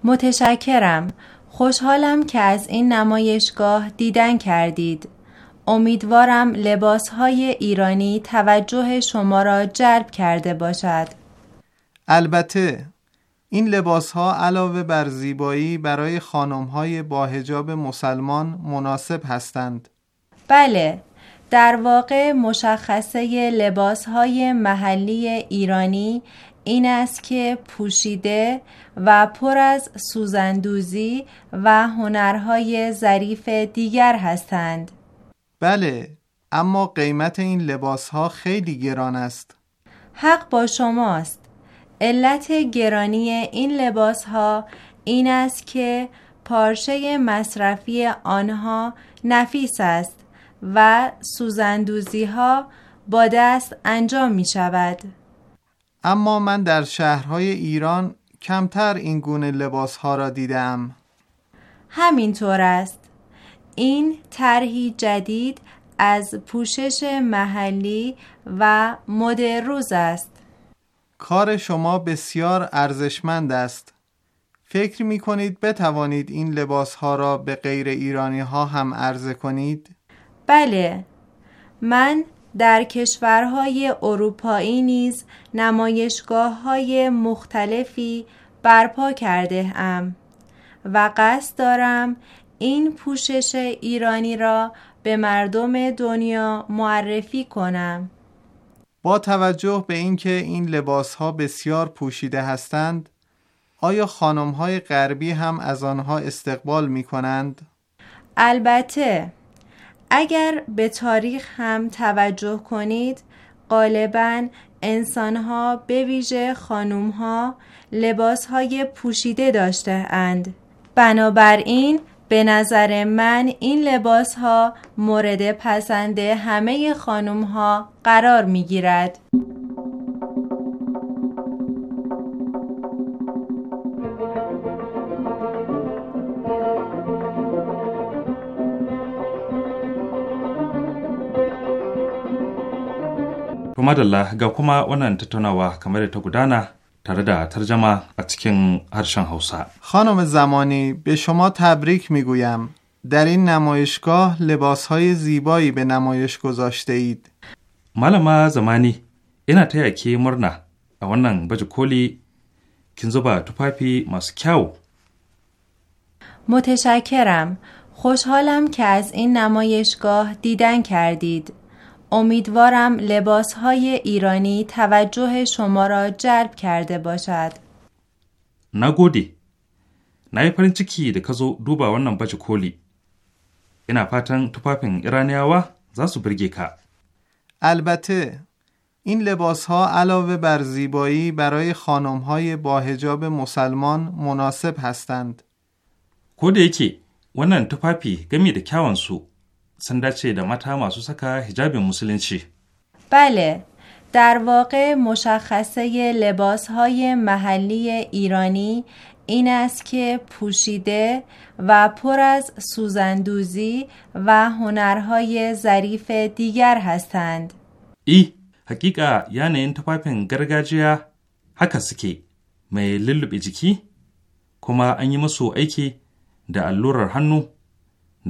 متشکرم خوشحالم که از این نمایشگاه دیدن کردید امیدوارم لباسهای ایرانی توجه شما را جلب کرده باشد البته این لباس ها علاوه بر زیبایی برای خانم های با هجاب مسلمان مناسب هستند. بله، در واقع مشخصه لباس های محلی ایرانی این است که پوشیده و پر از سوزندوزی و هنرهای ظریف دیگر هستند. بله، اما قیمت این لباس ها خیلی گران است. حق با شماست. علت گرانی این لباس ها این است که پارچه مصرفی آنها نفیس است و سوزندوزی ها با دست انجام می شود. اما من در شهرهای ایران کمتر این گونه لباس ها را دیدم. همینطور است. این طرحی جدید از پوشش محلی و مد روز است. کار شما بسیار ارزشمند است فکر می کنید بتوانید این لباس ها را به غیر ایرانی ها هم عرضه کنید؟ بله من در کشورهای اروپایی نیز نمایشگاه های مختلفی برپا کرده ام و قصد دارم این پوشش ایرانی را به مردم دنیا معرفی کنم. با توجه به اینکه این لباس ها بسیار پوشیده هستند آیا خانم های غربی هم از آنها استقبال می کنند؟ البته اگر به تاریخ هم توجه کنید غالبا انسان ها به ویژه خانم ها لباس های پوشیده داشته اند بنابراین به نظر من این لباس ها مورد پسند همه خانم ها قرار می گیرد. da madalla ga kuma wannan tattaunawa kamar da ta gudana تره ده ترجمه خانم زمانی به شما تبریک میگویم. در این نمایشگاه های زیبایی به نمایش گذاشته اید. malama زمانی. اینا taya ke مرنه a wannan baje koli kin توپاپی tufafi متشکرم خوشحالم که از این نمایشگاه دیدن کردید امیدوارم لباس های ایرانی توجه شما را جلب کرده باشد. نگودی. نای پرین چکی ده کزو دوبا ونم بچه کولی. اینا پاتن توپاپین آوا زاسو برگی که. البته این لباس ها علاوه بر زیبایی برای خانم های با هجاب مسلمان مناسب هستند. کودکی ونن توپاپی گمی ده کیاوان سو sun dace da mata masu saka hijabin musulunci. Bale, در واقع مشخصه لباس های محلی ایرانی این است که پوشیده و پر از سوزندوزی و هنرهای ظریف دیگر هستند. ای حقیقا یعنی این تفایفین گرگاجیا haka suke mai lullube jiki kuma an yi masu aiki da allurar hannu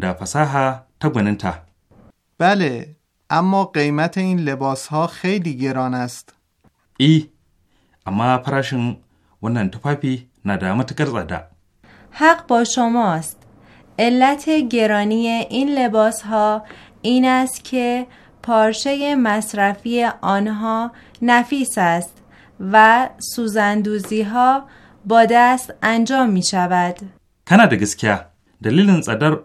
da fasaha تا بله اما قیمت این لباس ها خیلی گران است ای اما پرشن ونن تفافی حق با شماست علت گرانی این لباس ها این است که پارچه مصرفی آنها نفیس است و سوزندوزی ها با دست انجام می شود. Kana اما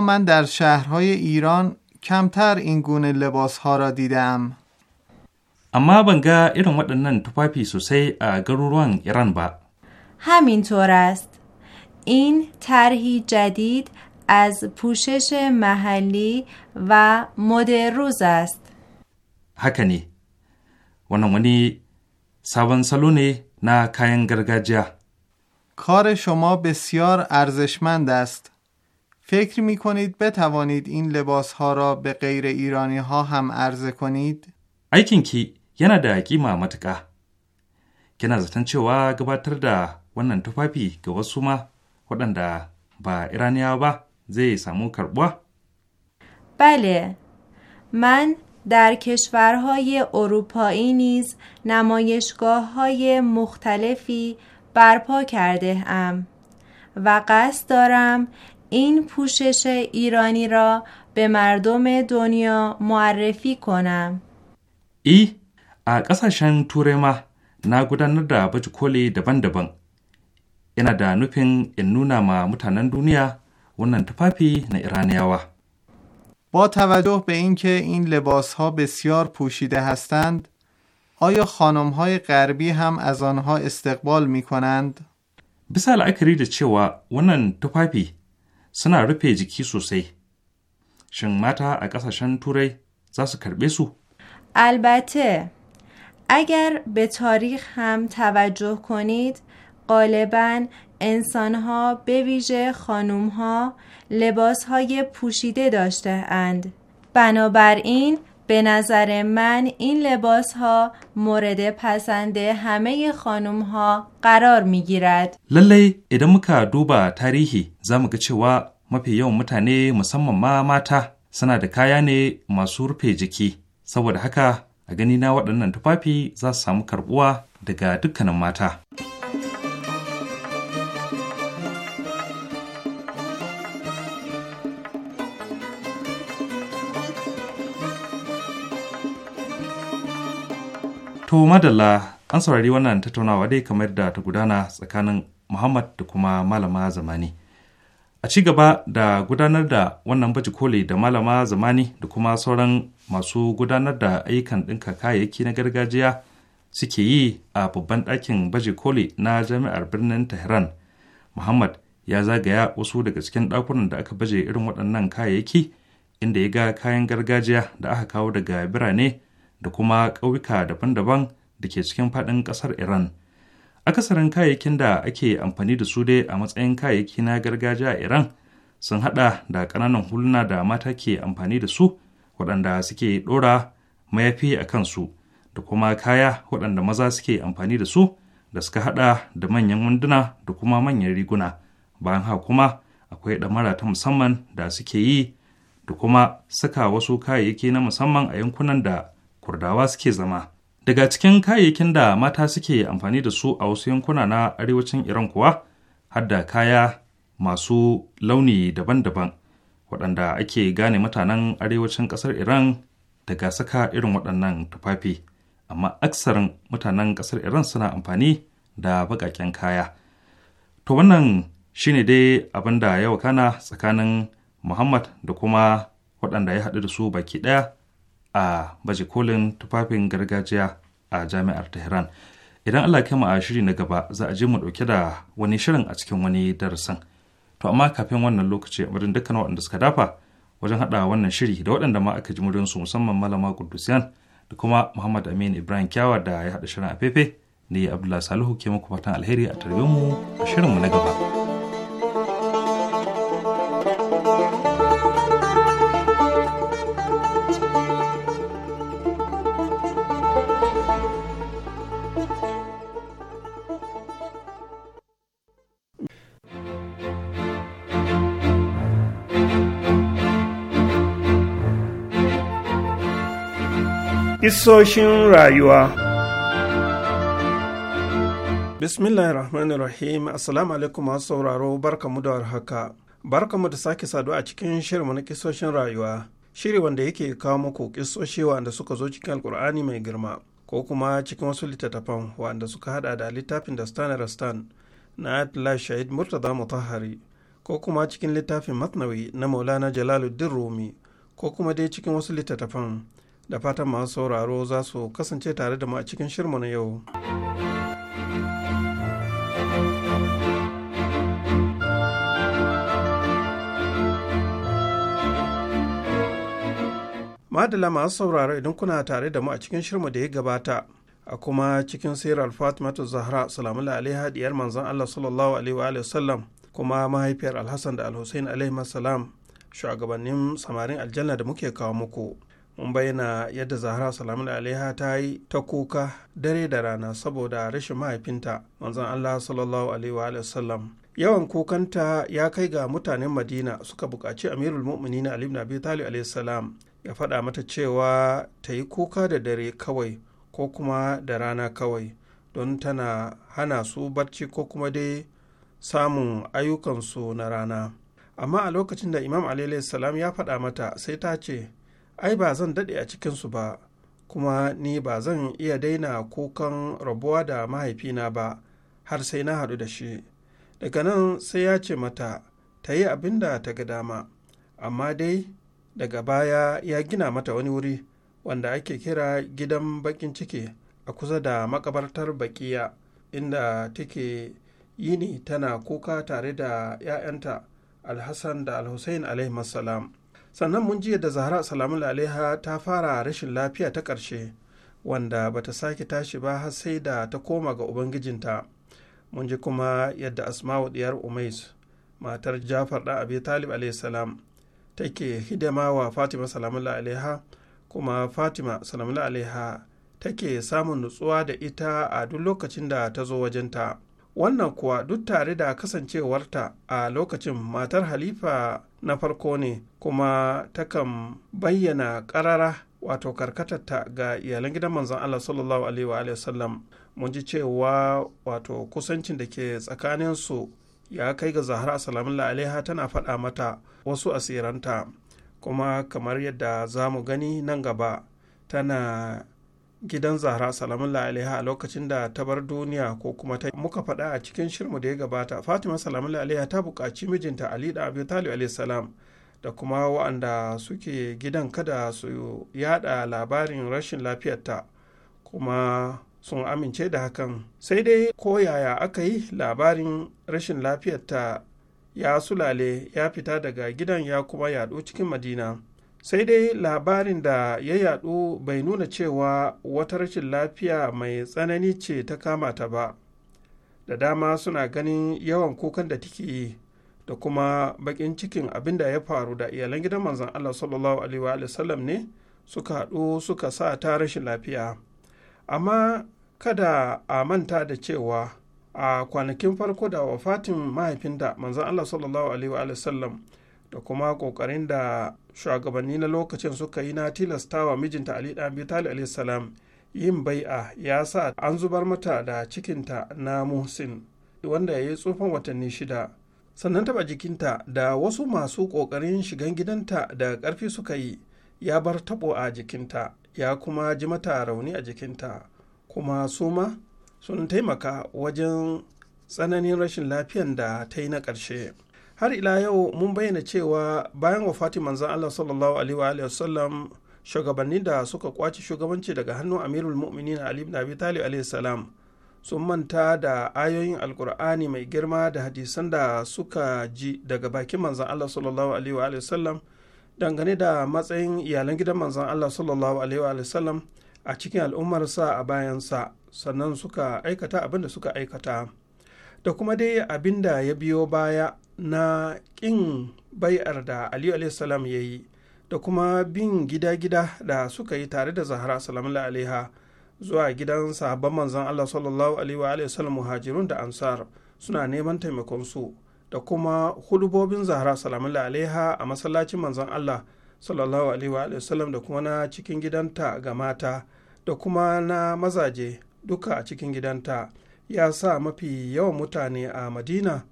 من در شهرهای ایران کمتر این گونه لباس ها را دیدم. اما بنگا ایران با. همینطور است. این طرحی جدید از پوشش محلی و مد روز است. هکنی wannan wani sabon salo ne na kayan gargajiya کار شما بسیار ارزشمند است فکر می کنید بتوانید این لباس ها را به غیر ایرانی ها هم عرضه کنید؟ aikin ki yana da kima matuƙa kina zaton cewa gabatar da wannan tufafi ga wasu ma waɗanda ba iraniya ba zai samu karɓuwa? در کشورهای اروپایی نیز نمایشگاه های مختلفی برپا کرده ام و قصد دارم این پوشش ایرانی را به مردم دنیا معرفی کنم ای قصاشن توره ما نگودن ندر بج کولی دبن دبن اینا دا نوپین این نونا ما متانن دونیا ونن تپاپی نا ایرانیاوه با توجه به اینکه این لباس ها بسیار پوشیده هستند آیا خانم های غربی هم از آنها استقبال می کنند؟ bisa د da ونن wannan tufafi suna جکی سوسی شن shin ا a توری turai سو؟ البته اگر به تاریخ هم توجه کنید غالبا انسانها به ویژه خانومها لباسهای پوشیده داشته اند. بنابراین به نظر من این لباس ها مورد پسند همه خانم ها قرار می گیرد. للی idan muka دوبا تاریخی za mu ga cewa mafi yawan مسمم ما ماتا سنا suna da kaya ne masu rufe jiki saboda haka a gani na waɗannan za su samu karɓuwa daga To madalla an saurari wannan tattaunawa dai kamar da ta gudana tsakanin Muhammad da kuma malama zamani. A ci gaba da gudanar da wannan baji koli da malama zamani da kuma sauran masu gudanar da ayyukan ɗinka kayayyaki na gargajiya suke yi a babban ɗakin Baji koli na jami'ar birnin Tehran. Muhammad ya zagaya wasu daga cikin ɗakunan da aka baje irin waɗannan kayayyaki inda ya ga kayan gargajiya da aka kawo daga birane da kuma ƙauyuka daban-daban da ke cikin faɗin ƙasar Iran. Akasarin kayayyakin da ake amfani da su dai a matsayin kayayyaki na gargajiya a Iran sun haɗa da ƙananan huluna da mata ke amfani da su waɗanda suke ɗora mayafi a kansu da kuma kaya waɗanda maza suke amfani da su da suka haɗa da manyan wunduna da kuma manyan riguna. Bayan haka kuma akwai ɗamara ta musamman da suke yi da kuma saka wasu kayayyaki na musamman a yankunan da kurdawa suke zama daga cikin kayayyakin da mata suke amfani da su a wasu yankuna na arewacin iran kuwa har da kaya masu launi daban-daban waɗanda ake gane mutanen arewacin ƙasar iran daga saka irin waɗannan tufafi amma aksarin mutanen ƙasar iran suna amfani da baƙaƙen kaya to wannan shi ne dai abin da ya wakana tsakanin muhammad da kuma waɗanda ya haɗu da su baki ɗaya a baje kolin tufafin gargajiya a jami'ar tehran idan allah kama a shiri na gaba za a je mu ɗauke da wani shirin a cikin wani darasin to amma kafin wannan lokaci a madadin dukkan waɗanda suka dafa wajen haɗa wannan shiri da waɗanda ma aka ji su musamman malama kudusiyan da kuma muhammad Aminu ibrahim kyawa da ya haɗa shirin a fefe ne abdullahi salihu ke muku fatan alheri a tarbe mu a mu na gaba. kisoshin rayuwa Bismillahir Rahmanir Rahim Assalamu alaikum masu sauraro barkamu da warhaka. Barkamu da sake saduwa a cikin shirinmu na kisoshin rayuwa. Shiri wanda yake kawo muku kisoshi wanda suka zo cikin Alkur'ani mai girma ko kuma cikin wasu littattafan wanda suka hada da littafin da Stan Rastan na Atla Shahid Murtaza Mutahari ko kuma cikin littafin Matnawi na Maulana Jalaluddin Rumi ko kuma dai cikin wasu littattafan da fatan masu sauraro za su kasance tare da mu a cikin shirmu na yau. Madala masu sauraro idan kuna tare da mu a cikin shirmu da ya gabata a kuma cikin sirar Fatimatu Zahra salamu alaiha diyar manzon Allah sallallahu alaihi wa sallam kuma mahaifiyar Alhassan da Alhussein alaihi salam shugabannin samarin aljanna da muke kawo muku. mun bayyana yadda zahra salamun alaiha ta yi ta kuka dare da rana saboda rashin mahaifinta manzon allah sallallahu alaihi wa sallam yawan kukanta ya kai ga mutanen madina suka buƙaci amirul mu'minin ali ibn abi talib alaihi salam ya faɗa mata cewa ta yi kuka da dare kawai ko kuma da rana kawai don tana hana su barci ko kuma dai samun ayyukansu na rana amma a lokacin da imam alaihi salam ya faɗa mata sai ta ce ai ba zan daɗe a cikinsu ba kuma ni ba zan iya daina kukan rabuwa da mahaifina ba har sai na haɗu da shi daga nan sai ya ce mata ta yi abin da ta ga dama amma dai daga baya ya gina mata wani wuri wanda ake kira gidan bakin ciki a kusa da makabartar bakiya inda take yini tana kuka tare da 'ya'yanta alhassan da alhussein alaihi sannan mun jiya da zahra salamu alaiha ta fara rashin lafiya ta ƙarshe wanda bata sake tashi ba har sai da ta koma ga ubangijinta mun ji kuma yadda asma'u diyar umais matar jafar da abi talib alaihi salam take hidima wa fatima salamu alaiha kuma fatima salamu alaiha take samun nutsuwa da ita a duk lokacin da ta zo wajenta wannan kuwa duk tare da kasancewarta a lokacin matar halifa na farko ne kuma takan bayyana karara wato karkatarta ga iyalan gidan manzon Allah sallallahu alaihi wa sallam mun ji cewa wato kusancin da ke tsakaninsu ya kai ga zahra salamun alaiha tana faɗa mata wasu asiranta kuma kamar yadda za mu gani nan gaba tana gidan zahra salamullah alaiha a lokacin da ta bar duniya ko kuma ta muka faɗa a cikin shirmu da ya gabata fatima salamullah alaiha ta buƙaci mijinta ali da abu talib alaihi salam da kuma wa'anda suke gidan kada su yada labarin rashin lafiyarta kuma sun amince da hakan sai dai ko yaya aka yi labarin rashin lafiyarta ya sulale ya fita daga gidan ya kuma yaɗo cikin madina sai dai labarin da ya yadu bai nuna cewa wata rashin lafiya mai tsanani ce ta kama ta ba da dama suna ganin yawan kukan da take yi da kuma bakin cikin abin da ya faru da iyalan gidan manzan allah sallallahu alaihi sallam ne suka haɗu suka sa ta rashin lafiya amma kada a manta da cewa a kwanakin farko da wafatin mahaifin mahaifinta manzan allah sallallahu alaihi sallam da kuma kokarin da shugabanni na lokacin suka yi na tilastawa mijinta ali dan abi talib salam yin bai'a ya sa an zubar mata da cikinta na muhsin wanda ya yi tsufan watanni shida sannan taba jikinta da wasu masu ƙoƙarin shigan gidanta da ƙarfi suka yi ya bar tabo a jikinta ya kuma ji mata rauni a jikinta kuma su ma sun taimaka wajen tsananin rashin lafiyan da ta yi na ƙarshe. har ila yau mun bayyana cewa bayan wafatin manzan allah sallallahu alaihi wasallam shugabanni da suka kwace shugabanci daga hannun amirul mu'minin ali ibn abi talib alaihi salam sun manta da ayoyin alkur'ani mai girma da hadisan da suka ji daga bakin manzan allah sallallahu alaihi wasallam dangane da matsayin iyalan gidan manzan allah sallallahu alaihi wasallam a cikin al'ummarsa a bayan sa sannan suka aikata abin da suka aikata da kuma dai abin da ya biyo baya na ƙin bai'ar da aliyu salam ya yi da kuma bin gida-gida da suka yi tare da zahara salamala alaiha zuwa gidan sahabban manzan allah sallallahu alaihi muhajirun da ansar suna neman taimakon su da kuma hudubobin zahara salamala alaiha a masallacin manzan allah sallallahu alaihi da kuma na cikin gidanta ga mata da kuma na mazaje duka a cikin gidanta ya sa mafi yawan mutane a madina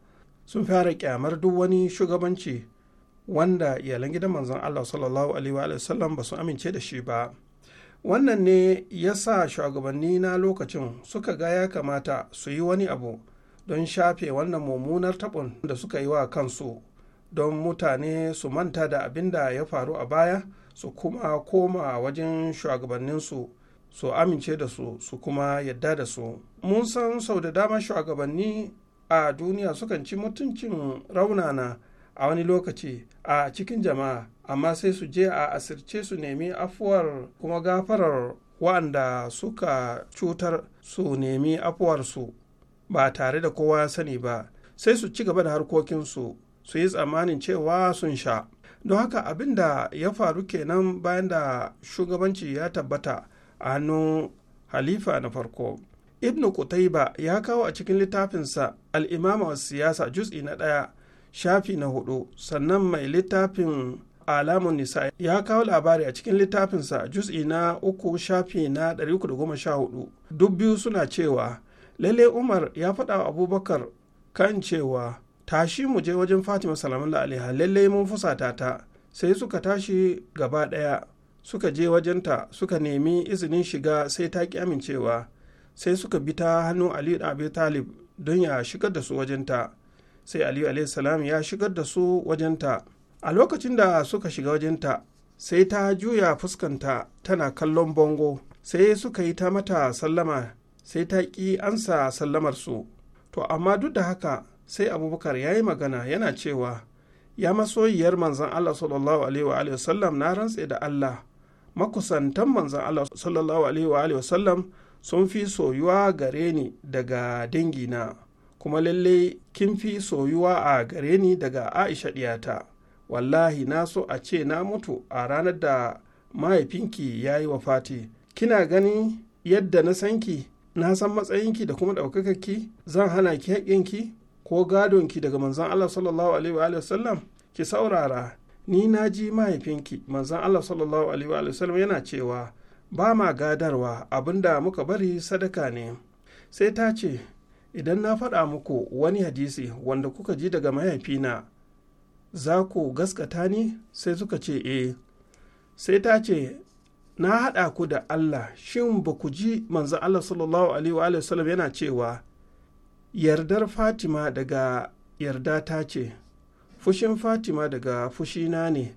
sun fara kyamar duk wani shugabanci wanda iyalan gidan manzon Allah sallallahu alaihi wa sallam ba su amince da shi ba wannan ne ya sa shugabanni na lokacin suka ga ya kamata su yi wani abu don shafe wannan mummunar tabon da suka yi wa kansu don mutane su manta da abin da ya faru a baya su kuma koma wajen shugabanninsu su amince da su su kuma yadda da su mun san sau da dama shugabanni a duniya sukan ci mutuncin raunana a wani lokaci a cikin jama'a amma sai su je a asirce su nemi afuwar kuma gafarar wa'anda suka cutar su nemi afuwarsu ba tare da kowa sani ba sai su ci gaba da harkokinsu su yi tsammanin cewa sun sha don haka abin da ya faru kenan bayan da shugabanci ya tabbata a hannun halifa na farko ibnu kutaiba ya kawo a cikin littafinsa al'imama wasu siyasa juz'i na ɗaya shafi na hudu sannan mai littafin alamun nisa ya kawo labari a cikin littafinsa jus'i na uku shafi na 314 duk biyu suna cewa lalle umar ya faɗa wa abubakar kan cewa tashi mu je wajen fatima salamullah alaiha lalle mun fusata ta sai suka tashi gaba ɗaya suka je wajenta suka nemi izinin shiga sai ta ki amincewa sai suka bi ta hannun ali abi talib don ya shigar da su wajenta sai aliyu salam ya shigar da su wajenta a lokacin da suka shiga wajenta sai ta juya fuskanta tana kallon bongo. sai suka yi ta mata sallama sai ta ki ansa sallamar su to amma duk da haka sai abubakar ya yi magana yana cewa ya masoyiyar manzan allah sallallahu alaihi wa na rantse da allah makusantan manzan allah sallallahu alaihi wa sun fi soyuwa gare ni daga dangina kuma lalle kin fi soyuwa a gare ni daga aisha ɗiyata wallahi na so a ce na mutu a ranar da mahaifinki ya yi wa fati kina gani yadda na sanki na san matsayinki da kuma ɗaukakarki zan hana ki haƙƙinki ko gadonki daga manzan Allah sallallahu alaihi wa sallam ki saurara ni na ji mahaifinki Manzan Allah sallallahu alaihi wa sallam yana cewa ba ma gadarwa abinda muka bari sadaka ne sai ta ce idan na faɗa muku wani hadisi wanda kuka ji daga mahaifina za ku gaskata ni sai suka ce e sai ta ce na haɗa ku da Allah shin ba ku ji manzo Allah sallallahu alaihi wa sallam yana cewa yardar Fatima daga yarda ta ce fushin Fatima daga fushina ne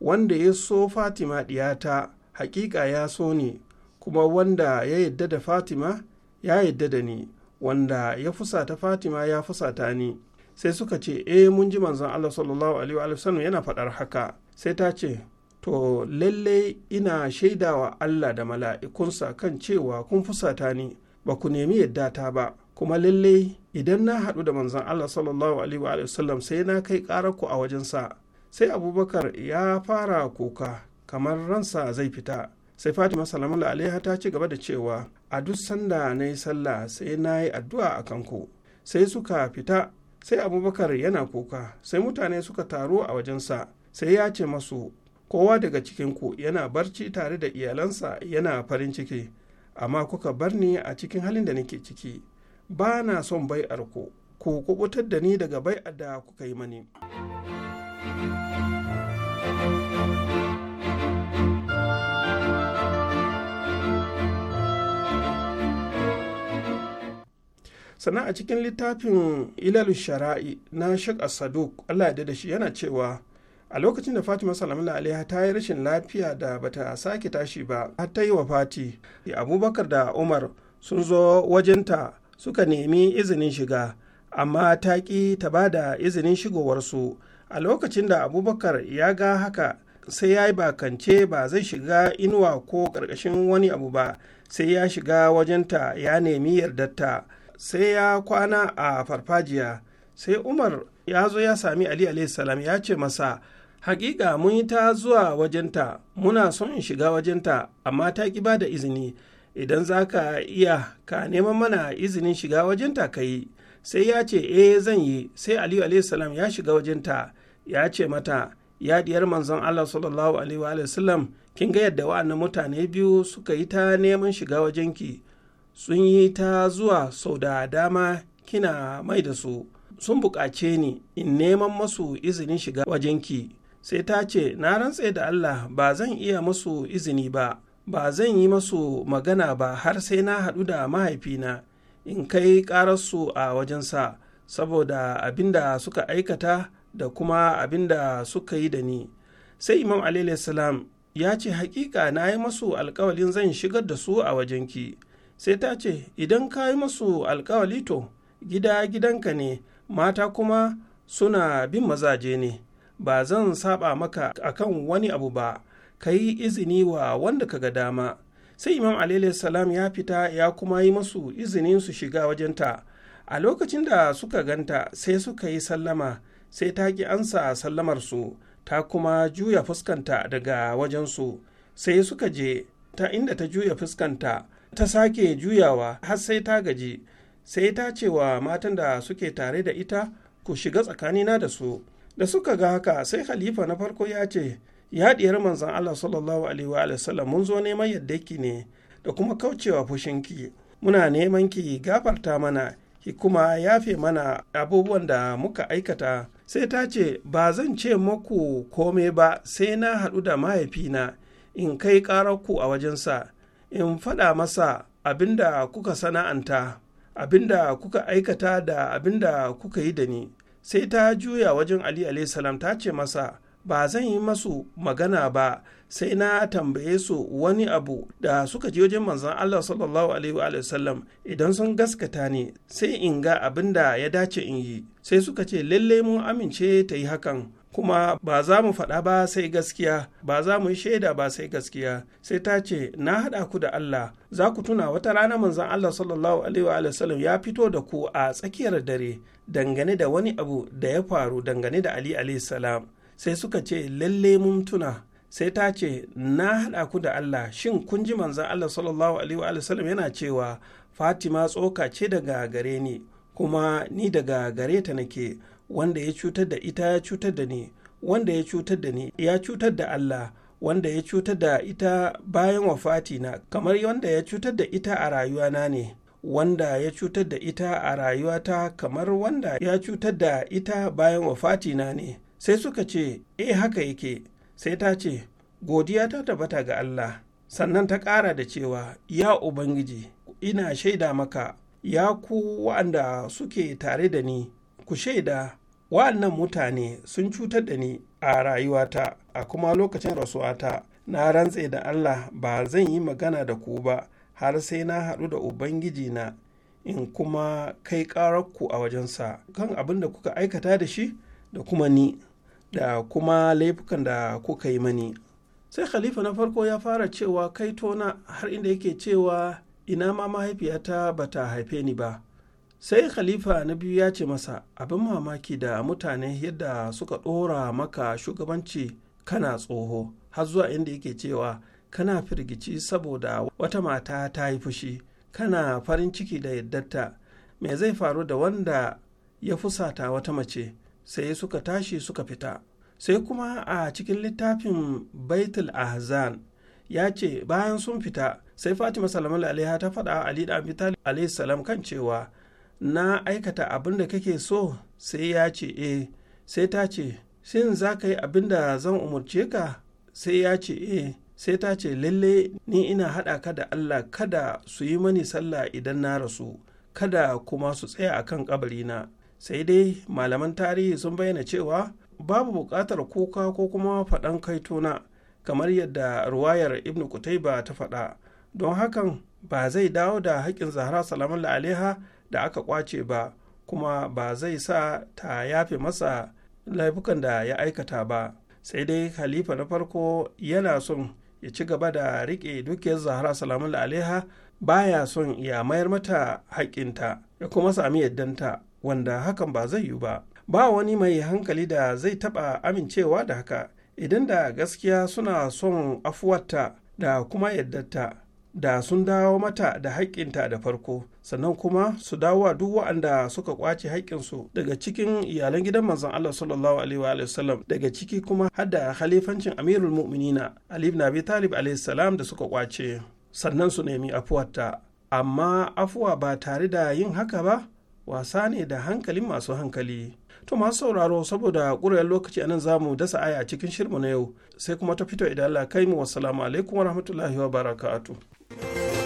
wanda ya so Fatima diyata. hakika ya so ni kuma wanda ya yadda da fatima ya yadda da ni wanda ya fusata fatima ya fusata ni sai suka ce e mun ji manzon allah sallallahu alaihi wa yana faɗar haka sai ta ce to lalle ina shaidawa allah da mala'ikunsa kan cewa kun fusata ni ba ku nemi yadda ta ba kuma lalle idan na haɗu da manzon allah sallallahu alaihi wa sai na kai ku a wajensa sai abubakar ya fara kuka kamar ransa zai fita sai fatima salamu alaiha ta ci gaba da cewa a duk sanda na yi sallah sai na yi addu'a a kanku sai suka fita sai abubakar yana kuka sai mutane suka taro a wajensa sai ya ce masu kowa daga cikinku yana barci tare da iyalansa yana farin ciki amma kuka bar ni a cikin halin da nake ciki ba na son bai'ar ku ku kubutar da ni daga bai'ar da kuka yi mani. sannan a cikin littafin ilal shara'i na shak saduk allah ya da shi yana cewa a lokacin da fatima salamala alaiha ta yi rashin lafiya da bata sake tashi ba har ta yi wa fati abubakar da umar sun zo wajenta suka nemi izinin shiga amma ta ƙi ta ba da izinin shigowarsu a lokacin da abubakar ya ga haka sai ya yi bakance ba zai shiga inuwa ko ƙarƙashin wani abu ba sai ya shiga wajenta ya nemi yardarta sai ya kwana a farfajiya sai umar ya zo ya sami ali salam ya ce masa hakika mun yi ta zuwa wajenta muna son shiga wajenta amma ta ki ba da izini idan za ka iya ka neman mana izinin shiga wajenta ka yi sai ya ce e zan yi sai ali salam ya shiga wajenta ya ce mata ya diyar manzon allah sallallahu alaihi wa sallam kin ga yadda wa'annan mutane biyu suka yi ta neman shiga wajenki sun yi ta zuwa sau da dama kina mai da su sun buƙace ni in neman masu izinin shiga wajenki sai ta ce na rantse da allah ba zan iya masu izini ba ba zan yi masu magana ba har sai na haɗu da mahaifina in kai ƙararsu a wajensa saboda abin da suka aikata da kuma abin da suka yi da ni sai imam salam ya ce hakika na yi masu alkawalin zan shigar da su a wajenki sai ta ce idan ka yi masu alkawali to gida gidanka ne mata kuma suna bin mazaje ne ba zan saba maka akan wani abu ba ka yi izini wa wanda ka ga dama sai imam salam ya fita ya kuma yi masu izinin su shiga wajenta a lokacin da suka ganta sai suka yi sallama sai ta ki ansa sallamar su ta kuma juya fuskanta daga wajensu sai suka je ta inda ta juya fuskanta ta sake juyawa har sai ta gaji sai ta ce wa matan da suke tare da ita ku shiga tsakanina da su da suka ga haka sai khalifa na farko ya ce ya diyar manzan Allah sallallahu alaihi wa sallam mun zo neman yadda ki ne da kuma kaucewa ki. muna neman ki gafarta mana ki kuma yafe mana abubuwan da muka aikata sai ta ce ba zan ce muku komai ba sai na haɗu da mahaifina in kai ku a wajensa in faɗa masa abin da kuka sana'anta abin da kuka aikata da abin da kuka yi da ni sai ta juya wajen ali salam ta ce masa ba zan yi masu magana ba sai na tambaye su wani abu da suka je wajen manzan Allah sallallahu alaihi wasallam idan sun gaskata ne sai in ga abin da ya dace in yi sai suka ce lallai mun amince ta yi hakan kuma ba za mu faɗa ba sai gaskiya ba za mu yi shaida ba sai gaskiya sai ta ce na haɗa ku da Allah za ku tuna wata rana manzon Allah sallallahu alaihi wa ya fito da ku a tsakiyar dare dangane da wani abu da ya faru dangane da Ali alaihi salam sai suka ce lalle mun tuna sai ta ce na haɗa ku da Allah shin kun ji manzon Allah sallallahu alaihi wa yana cewa Fatima tsoka ce daga gare ni kuma ni daga gare ta nake wanda ya cutar da ita ya cutar da ni wanda ya cutar da ni ya cutar da Allah wanda ya cutar da ita bayan wafati na kamar wanda ya cutar da ita a rayuwana ne wanda ya cutar da ita a rayuwata kamar wanda ya cutar da ita bayan wafati ne sai suka ce e haka yake sai ta ce godiya ta tabbata ga Allah sannan ta ƙara da cewa ya ubangiji ina shaida maka ya ku waɗanda suke tare da ni ku shaida wa'annan mutane sun cutar da ni a rayuwata a kuma lokacin rasuwata na rantse da allah ba zan yi magana da ku ba har sai na haɗu da ubangiji na in kuma kai ku a wajensa kan abin da kuka aikata da shi da kuma ni da kuma laifukan da kuka yi mani sai khalifa na farko ya fara cewa kai tona har inda yake cewa ina ma mahaifiyata ba ta haife ni ba sai khalifa na biyu ya ce masa abin mamaki da mutane yadda suka ɗora maka shugabanci kana tsoho har zuwa inda yake cewa kana firgici saboda wata mata ta yi fushi kana farin ciki da yaddarta me zai faru da wanda ya fusata wata mace sai suka tashi suka fita sai kuma a cikin littafin baitul ahzan ya ce bayan sun fita sai fatima salamu alaiha ta faɗa ali da abi talib kan cewa na aikata abin da kake so sai ya ce e sai ta ce shin za ka yi abin da zan umarce ka sai ya ce e sai ta ce lalle ni ina haɗa ka da allah kada su yi mani sallah idan na rasu kada kuma su tsaya a kan ƙabarina sai dai malaman tarihi sun bayyana cewa babu buƙatar kuka ko kuma faɗan kaitona kamar yadda ruwayar ibn kutaiba ta faɗa don hakan ba zai dawo da haƙƙin zahra salamun alaiha da aka kwace ba kuma ba zai sa ta yafe masa laifukan da ya aikata ba sai dai khalifa na farko yana son ya ci gaba da riƙe dukiyar zahra salamun alaiha baya son ya mayar mata haƙƙinta ya kuma sami yaddanta wanda hakan ba zai yi ba ba wani mai hankali da zai taɓa amincewa da haka idan da gaskiya suna son afuwarta da kuma yaddata da sun dawo mata da haƙƙinta da farko sannan kuma su dawo wa duk wa'anda suka kwace haƙƙinsu daga cikin iyalan gidan manzon Allah sallallahu alaihi wa sallam daga ciki kuma har da khalifancin Amirul Mu'minina Ali ibn Abi Talib alaihi salam da suka kwace sannan su nemi afuwarta amma afuwa ba tare da yin haka ba wasa ne da hankalin masu hankali to masu sauraro saboda ƙuriyar lokaci anan za mu dasa aya a cikin shirmu na yau sai kuma ta fito idan Allah kai mu wassalamu alaikum warahmatullahi wabarakatuh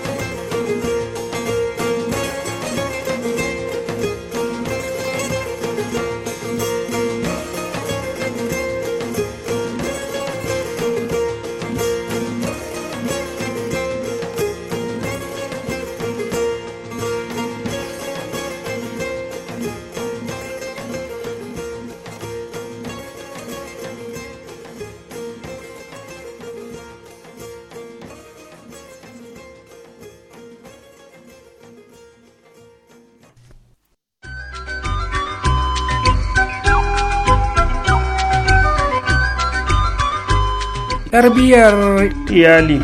tarbiyyar iyali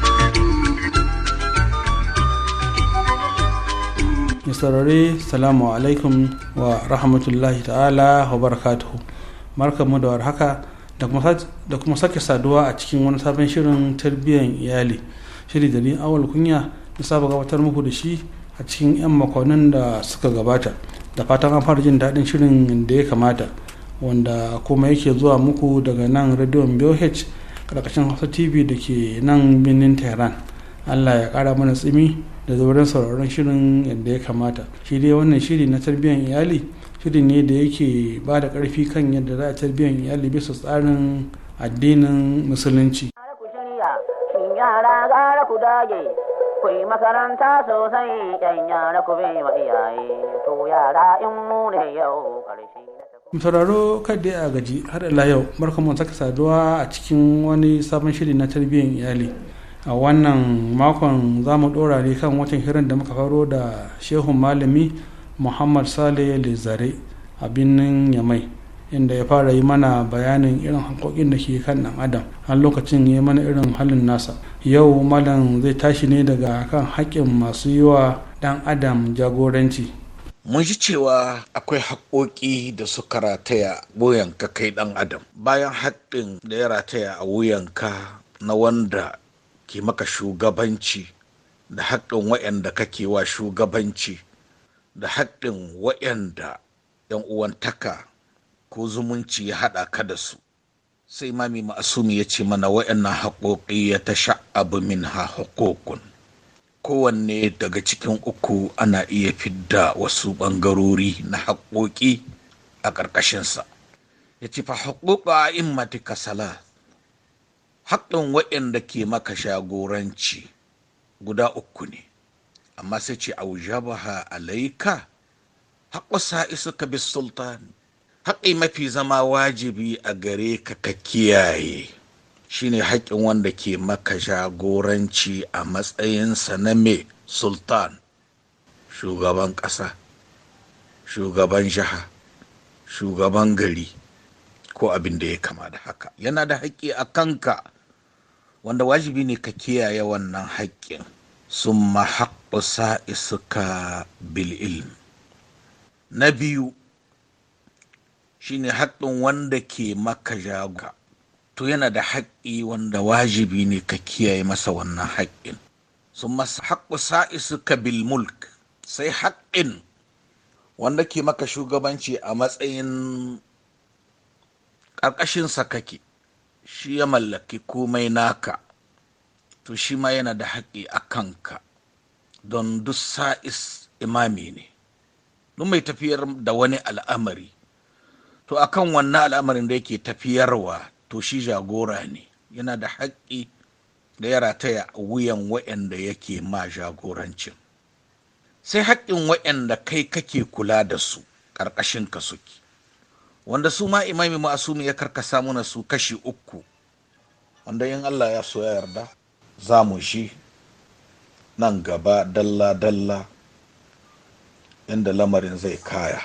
misarari salamu alaikum wa rahmatullahi ta'ala wa barakatuhu markamu da warhaka da kuma sake saduwa a cikin wani sabon shirin tarbiyyar iyali shiri da ni awal kunya na saba gabatar muku da shi a cikin 'yan makonnin da suka gabata da fatan an fara jin daɗin shirin da ya kamata wanda kuma yake zuwa muku daga nan rediyon BOH karkashin hausa tv da ke nan birnin tehran allah ya kara mana tsimi da zauren sauraron shirin yadda ya kamata shi dai wannan shiri na tarbiyyar iyali shiri ne da yake ba da karfi kan yadda za a tarbiyyar iyali bisa tsarin addinin musulunci ku makaranta sosai yan yara ku bai iyaye to yara in mu yau ƙarshe sauraro kada a gaji har ila yau barkan mu saka saduwa a cikin wani sabon shiri na tarbiyyar iyali a wannan makon za mu dora ne kan watan hirin da muka faro da shehun malami muhammad saleh Lizare a binnin yamai inda ya fara yi mana bayanin irin hankokin da ke kan ɗan adam har lokacin ya mana irin halin nasa yau malam zai tashi ne daga kan haƙƙin masu yi wa ɗan adam jagoranci mun ji cewa akwai haƙoƙi da suka rataya wuyanka kai ɗan adam bayan haƙƙin da ya rataya a wuyanka na wanda ke maka shugabanci da haƙƙin waɗanda kake wa shugabanci da haƙƙin waɗanda 'yan uwantaka ko zumunci ya haɗa ka da su sai mami ma'asumi ya ce mana waɗannan haƙoƙi ya ta abu min ha hukukun kowanne daga cikin uku ana iya fidda wasu ɓangarori na haƙoƙi a ƙarƙashinsa ya ce fa haƙoƙa in mati kasala haƙin waɗanda ke maka shagoranci guda uku ne amma sai ce "A aujabaha alaika Sa'i isuka bi sultani." haƙi mafi zama wajibi a gare ka ka kiyaye shine haƙƙin wanda ke maka jagoranci a matsayinsa na mai sultan shugaban ƙasa shugaban jiha shugaban gari ko abin da ya kama da haka yana da haƙƙi a kanka wanda wajibi ne ka kiyaye wannan haƙƙin sun haƙƙu sa'isuka bil na biyu shine haƙƙin wanda ke maka jagoranci to yana da haƙƙi wanda wajibi ne ka kiyaye masa wannan haƙƙin su masa haƙƙu sa'isu ka bil mulk sai haƙƙin wanda ke maka shugabanci a matsayin ƙarƙashinsa kake shi ya mallaki komai naka to shi ma yana da haƙƙi a kanka don duk sa'is imami ne duk mai tafiyar da wani al'amari to akan wannan al'amarin da yake tafiyarwa to shi jagora ne yana da haƙƙi da ya rataya wuyan waɗanda yake ma jagorancin sai haƙƙin waɗanda kai kake kula da su ƙarƙashin ka suke wanda su ma imami ma'asumi ya karkasa mana su kashi uku wanda in Allah ya so ya yarda za mu shi nan gaba dalla-dalla inda lamarin zai kaya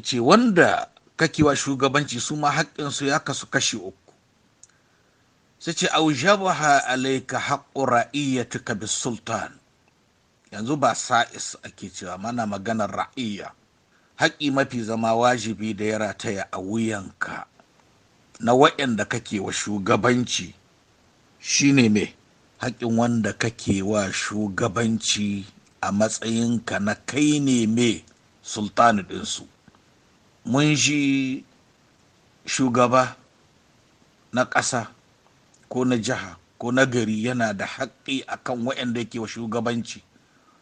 ce wanda kakewa shugabanci su ma haƙƙinsu ya kasu kashi uku sai ce aujabaha alaika haƙƙu ra'iyyatika bis sultan yanzu ba sa'is ake cewa mana maganar ra'iyya haƙƙi mafi zama wajibi da ya rataya a wuyanka na waɗanda kake wa shugabanci shine me haƙƙin wanda kake wa shugabanci a matsayinka na kai ne me sultani ɗinsu mun shi shugaba na ƙasa ko na jiha ko na gari yana da haƙƙi a akan waɗanda yake wa shugabanci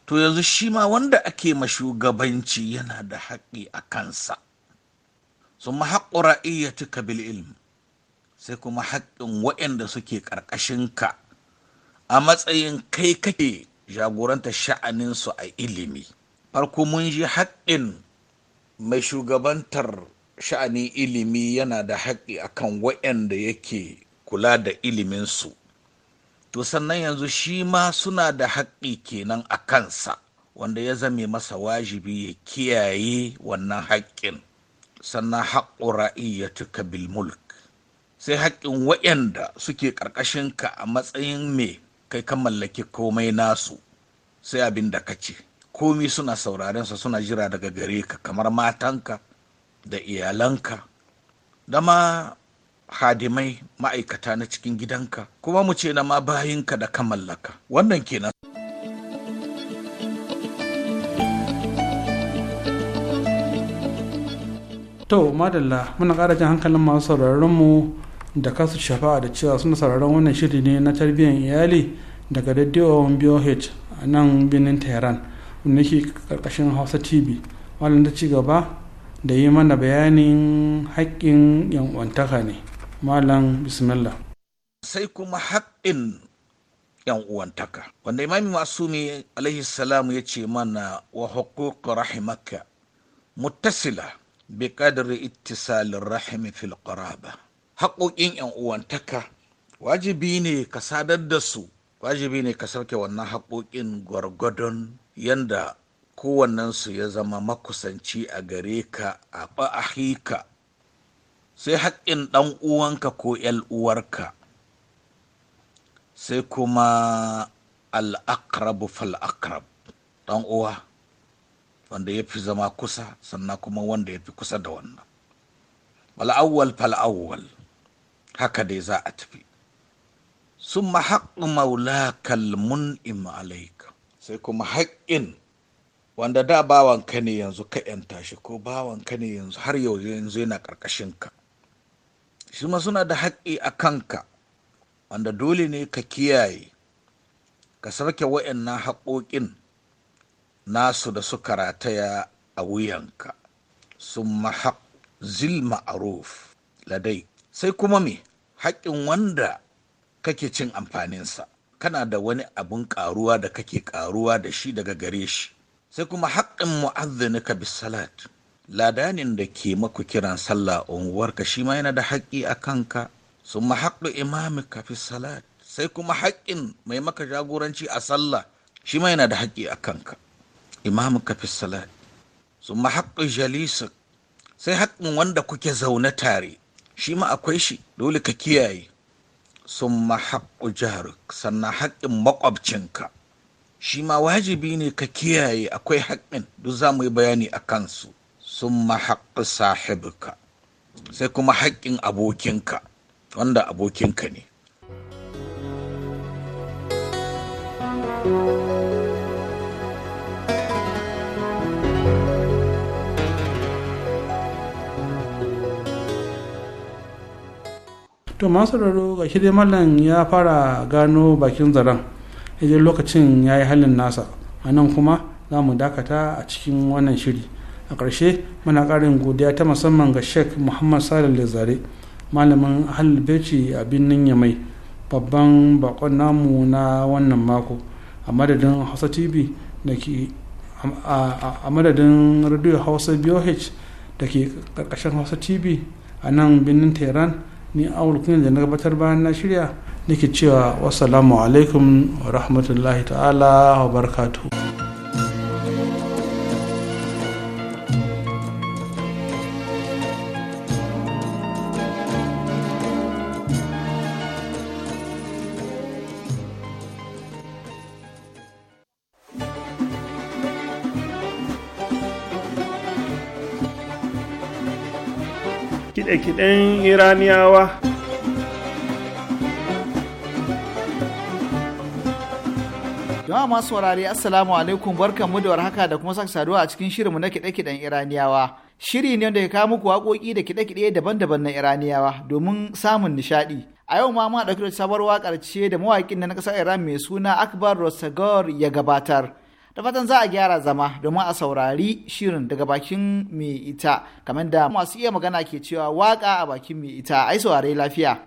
to yanzu shi ma wanda ake ma shugabanci yana da haƙƙi a kansa sun mahaƙura iya bil ilm sai kuma haƙƙin waɗanda suke ƙarƙashin ka. a matsayin kai kake jagoranta sha'aninsu a ilimi farko mun ji haƙƙin mai shugabantar sha'ani ilimi yana da haƙƙi akan waɗanda yake kula da iliminsu to sannan yanzu shi ma suna da haƙƙi kenan a kansa wanda ya zame masa wajibi ya kiyaye wannan haƙƙin sannan haƙƙo ra'iyyatuka bil mulk sai haƙƙin waɗanda suke ƙarƙashinka a matsayin mai kai ka mallaki komai nasu sai abin da ka ce komi suna sauraren sa suna jira daga gare ka kamar matanka da iyalanka da ma hadimai ma'aikata na cikin gidanka kuma mu ce na ma bayinka da ka mallaka wannan kenan to madalla muna ƙara jan hankalin masu sauraron mu da kasu shafa'a da cewa suna sauraron wannan shiri ne na tarbiyyar iyali daga rediyon BOH a nan birnin tehran wanda yake karkashin hausa tv malam ta ci gaba da yi mana bayanin haƙƙin yan'uwantaka ne malam bismillah sai kuma haƙƙin 'yan uwantaka. wanda imami masumi alaihi salamu ya ce mana wa hukuka rahimaka muttasila bi qadri ittisalin rahimi fil qaraba haƙoƙin 'yan uwantaka wajibi ne ka sadar da su wajibi ne ka sarke wannan haƙoƙin gwargwadon yanda kowannensu ya zama makusanci a gare ka a ba'ahika sai haƙƙin ɗan uwanka ko uwarka sai kuma al'akrabu fal'akrab ɗan uwa wanda ya fi zama kusa sannan kuma wanda ya fi kusa da wannan fal'awwal fal'awwal haka dai za a tafi sun haƙƙi maulakal mun'im alaik sai kuma haƙƙin wanda da bawan ka ne yanzu ka yanta shi ko bawan ka ne yanzu har yau yanzu yana ka shi ma suna da haƙƙi a kanka wanda dole ne ka kiyaye ka sarke wa'annan haƙoƙin nasu da suka rataya a wuyanka sun mahaq zil ma'aruf ladai sai kuma me haƙƙin wanda kake cin amfaninsa kana da wani abun karuwa da kake karuwa da shi daga gare shi sai kuma haƙƙin ka bis salat ladanin da ke maku kiran sallah unguwarka shi ma yana da haƙƙi a kanka sun haƙƙu ka fi salat sai kuma haƙƙin mai maka jagoranci a sallah shi ma yana da haƙƙi a kanka ka fi salat sun haƙƙu jalisa sai haƙƙin wanda kuke zaune tare shi ma akwai shi dole ka kiyaye sun haƙƙu jihar sannan haƙƙin maƙwabcinka shi ma wajibi ne ka kiyaye akwai haƙƙin duk za mu yi bayani a kansu sun haƙƙu sahibuka sai kuma haƙƙin abokinka wanda abokinka ne thank you to masu raro ga shirya mallan ya fara gano bakin zaren idan lokacin ya yi halin nasa a nan kuma za mu dakata a cikin wannan shiri a ƙarshe muna ƙarin godiya ta musamman ga sheikh muhammad salih lezare malamin halil beci a birnin yamai babban bakon namu na wannan mako a madadin hausa tv da ke a madadin radio hausa boh da ke ƙarƙashin hausa tv a nan birnin tehran ni a da na gabatar bayan na shirya nake cewa wasalamu alaikum wa rahmatullahi ta'ala wa barkatu kiɗe-kiɗen iraniyawa jama'a masu warare assalamu alaikum barkanmu da warhaka da kuma saka saduwa a cikin shirinmu na kiɗe-kiɗen iraniyawa shiri ne da ya kawo muku waƙoƙi da kiɗe-kiɗe daban-daban na iraniyawa domin samun nishaɗi a yau ma muna ɗauki da sabuwar waƙar ce da mawaƙin na ƙasar iran mai suna akbar rosagor ya gabatar da fatan za a gyara zama domin a saurari shirin daga bakin mai ita kamar da masu iya magana ke cewa waka a bakin mai ita ai saurari lafiya.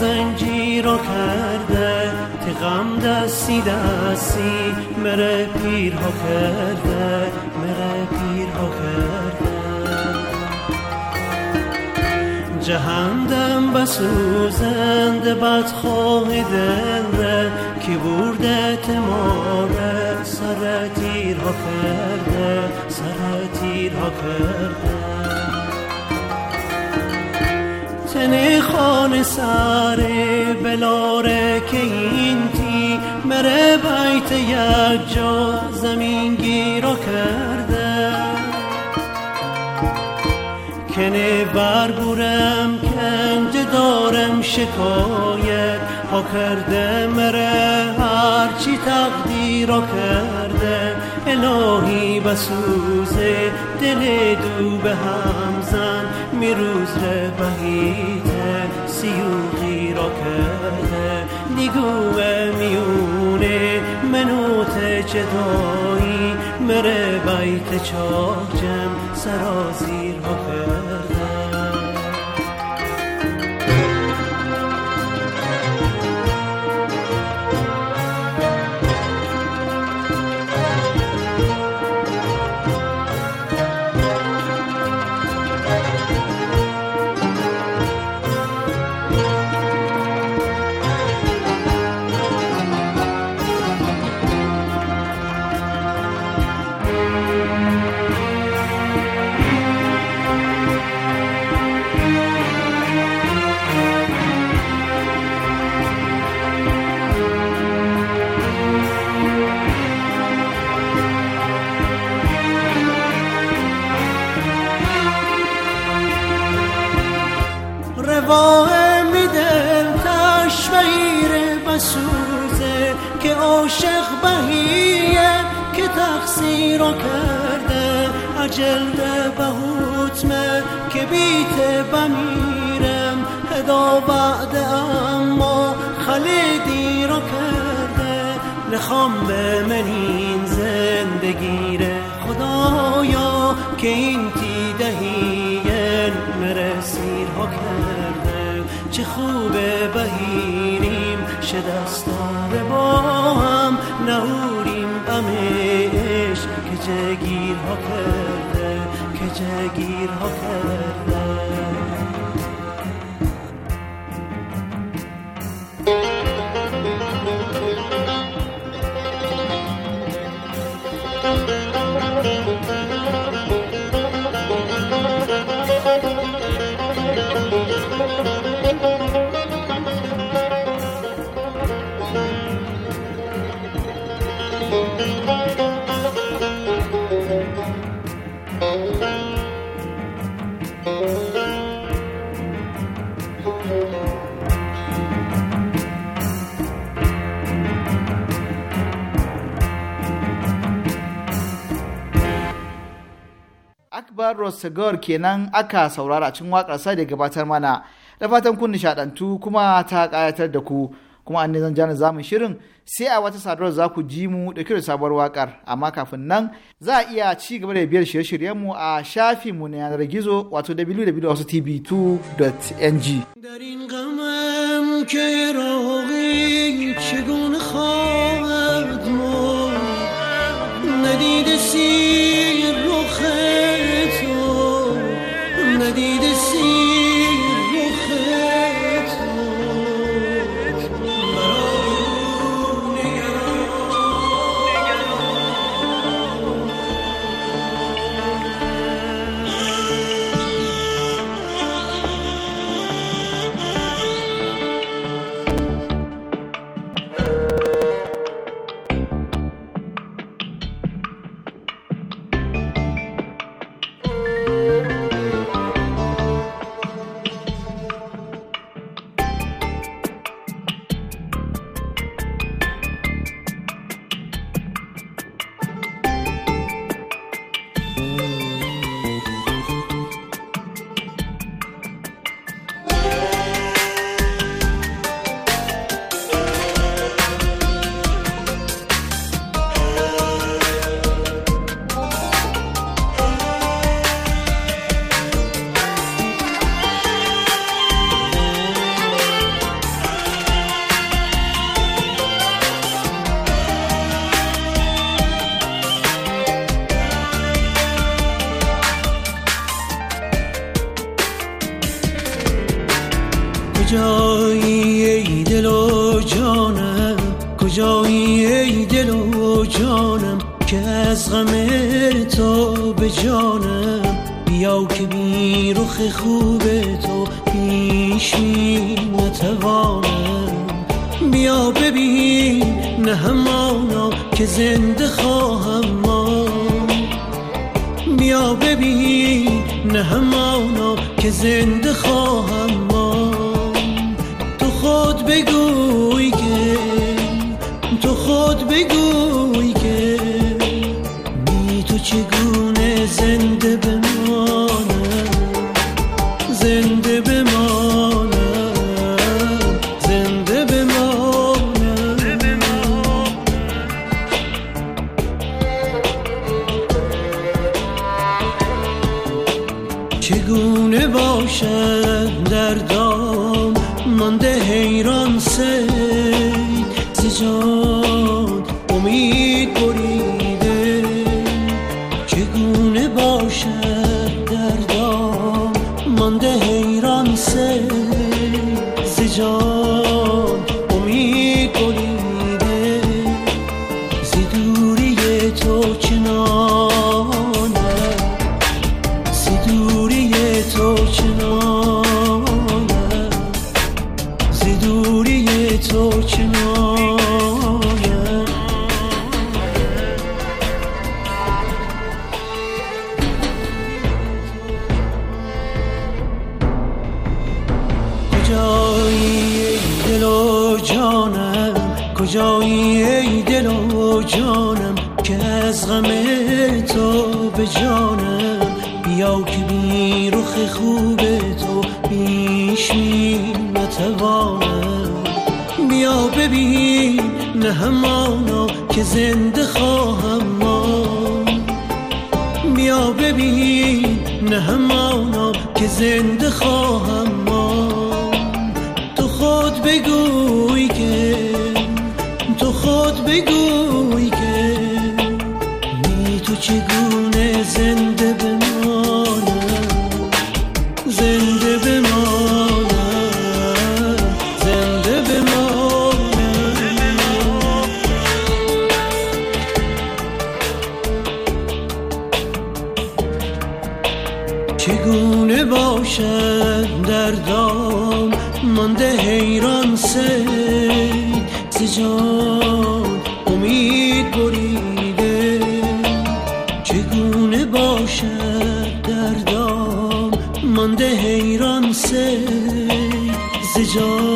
زنجیر رو کرده غم دستی دستی مره پیر کرده مره پیر ها کرده جهندم بسوزند خواه دنده که برده تماره سر تیر ها کرده سر تیر کرده کنه خان سر بلاره که این تی مره بیت یک جا زمین گیرا کرده کنه بر بورم کنج دارم شکایت ها کرده مره هرچی تقدیر را کرده الهی بسوزه دل دو به هم میروز روز بهیده سیوقی را کرده نیگوه میونه منوت جدایی مره بیت چاجم سرازی را کرده عجل ده بهوتمه که بیت بمیرم هدا بعد اما خلیدی را کرده نخوام به من این زندگی ره خدایا که این تیدهین مره کرده چه خوبه بهیریم شدستان به با هم نهو gece gir hak erde, gece gir hak erde. Rosegar kenan aka saurara cin wakar sa da gabatar mana da fatan kun nishadantu kuma ta kayatar da ku kuma an zan jana zamun shirin sai a wata sadarwar za ku ji mu da kira sabuwar wakar amma kafin nan za a iya ci gaba da biyar shirye-shiryen mu a shafi mu na yanar gizo wato www.tv2.ng کجایی ای دل و جانم که از غم تو به جانم بیا که بی رخ خوب تو پیشی نتوانم بیا ببین نه همانا که زنده خواهم ما بیا ببین نه همانا که زنده خواهم ما تو خود بگو چگونه زنده بمانم زنده بمانم زنده بمانم چگونه باشد در دام مانده حیران سید از غم تو به جانم بیا که بی روخ خوب تو بیش می نتوانم بیا ببین نه همانا که زنده خواهم ما بیا ببین نه همانا که زنده خواهم تو چگونه زندگی مانده حیران سه زجا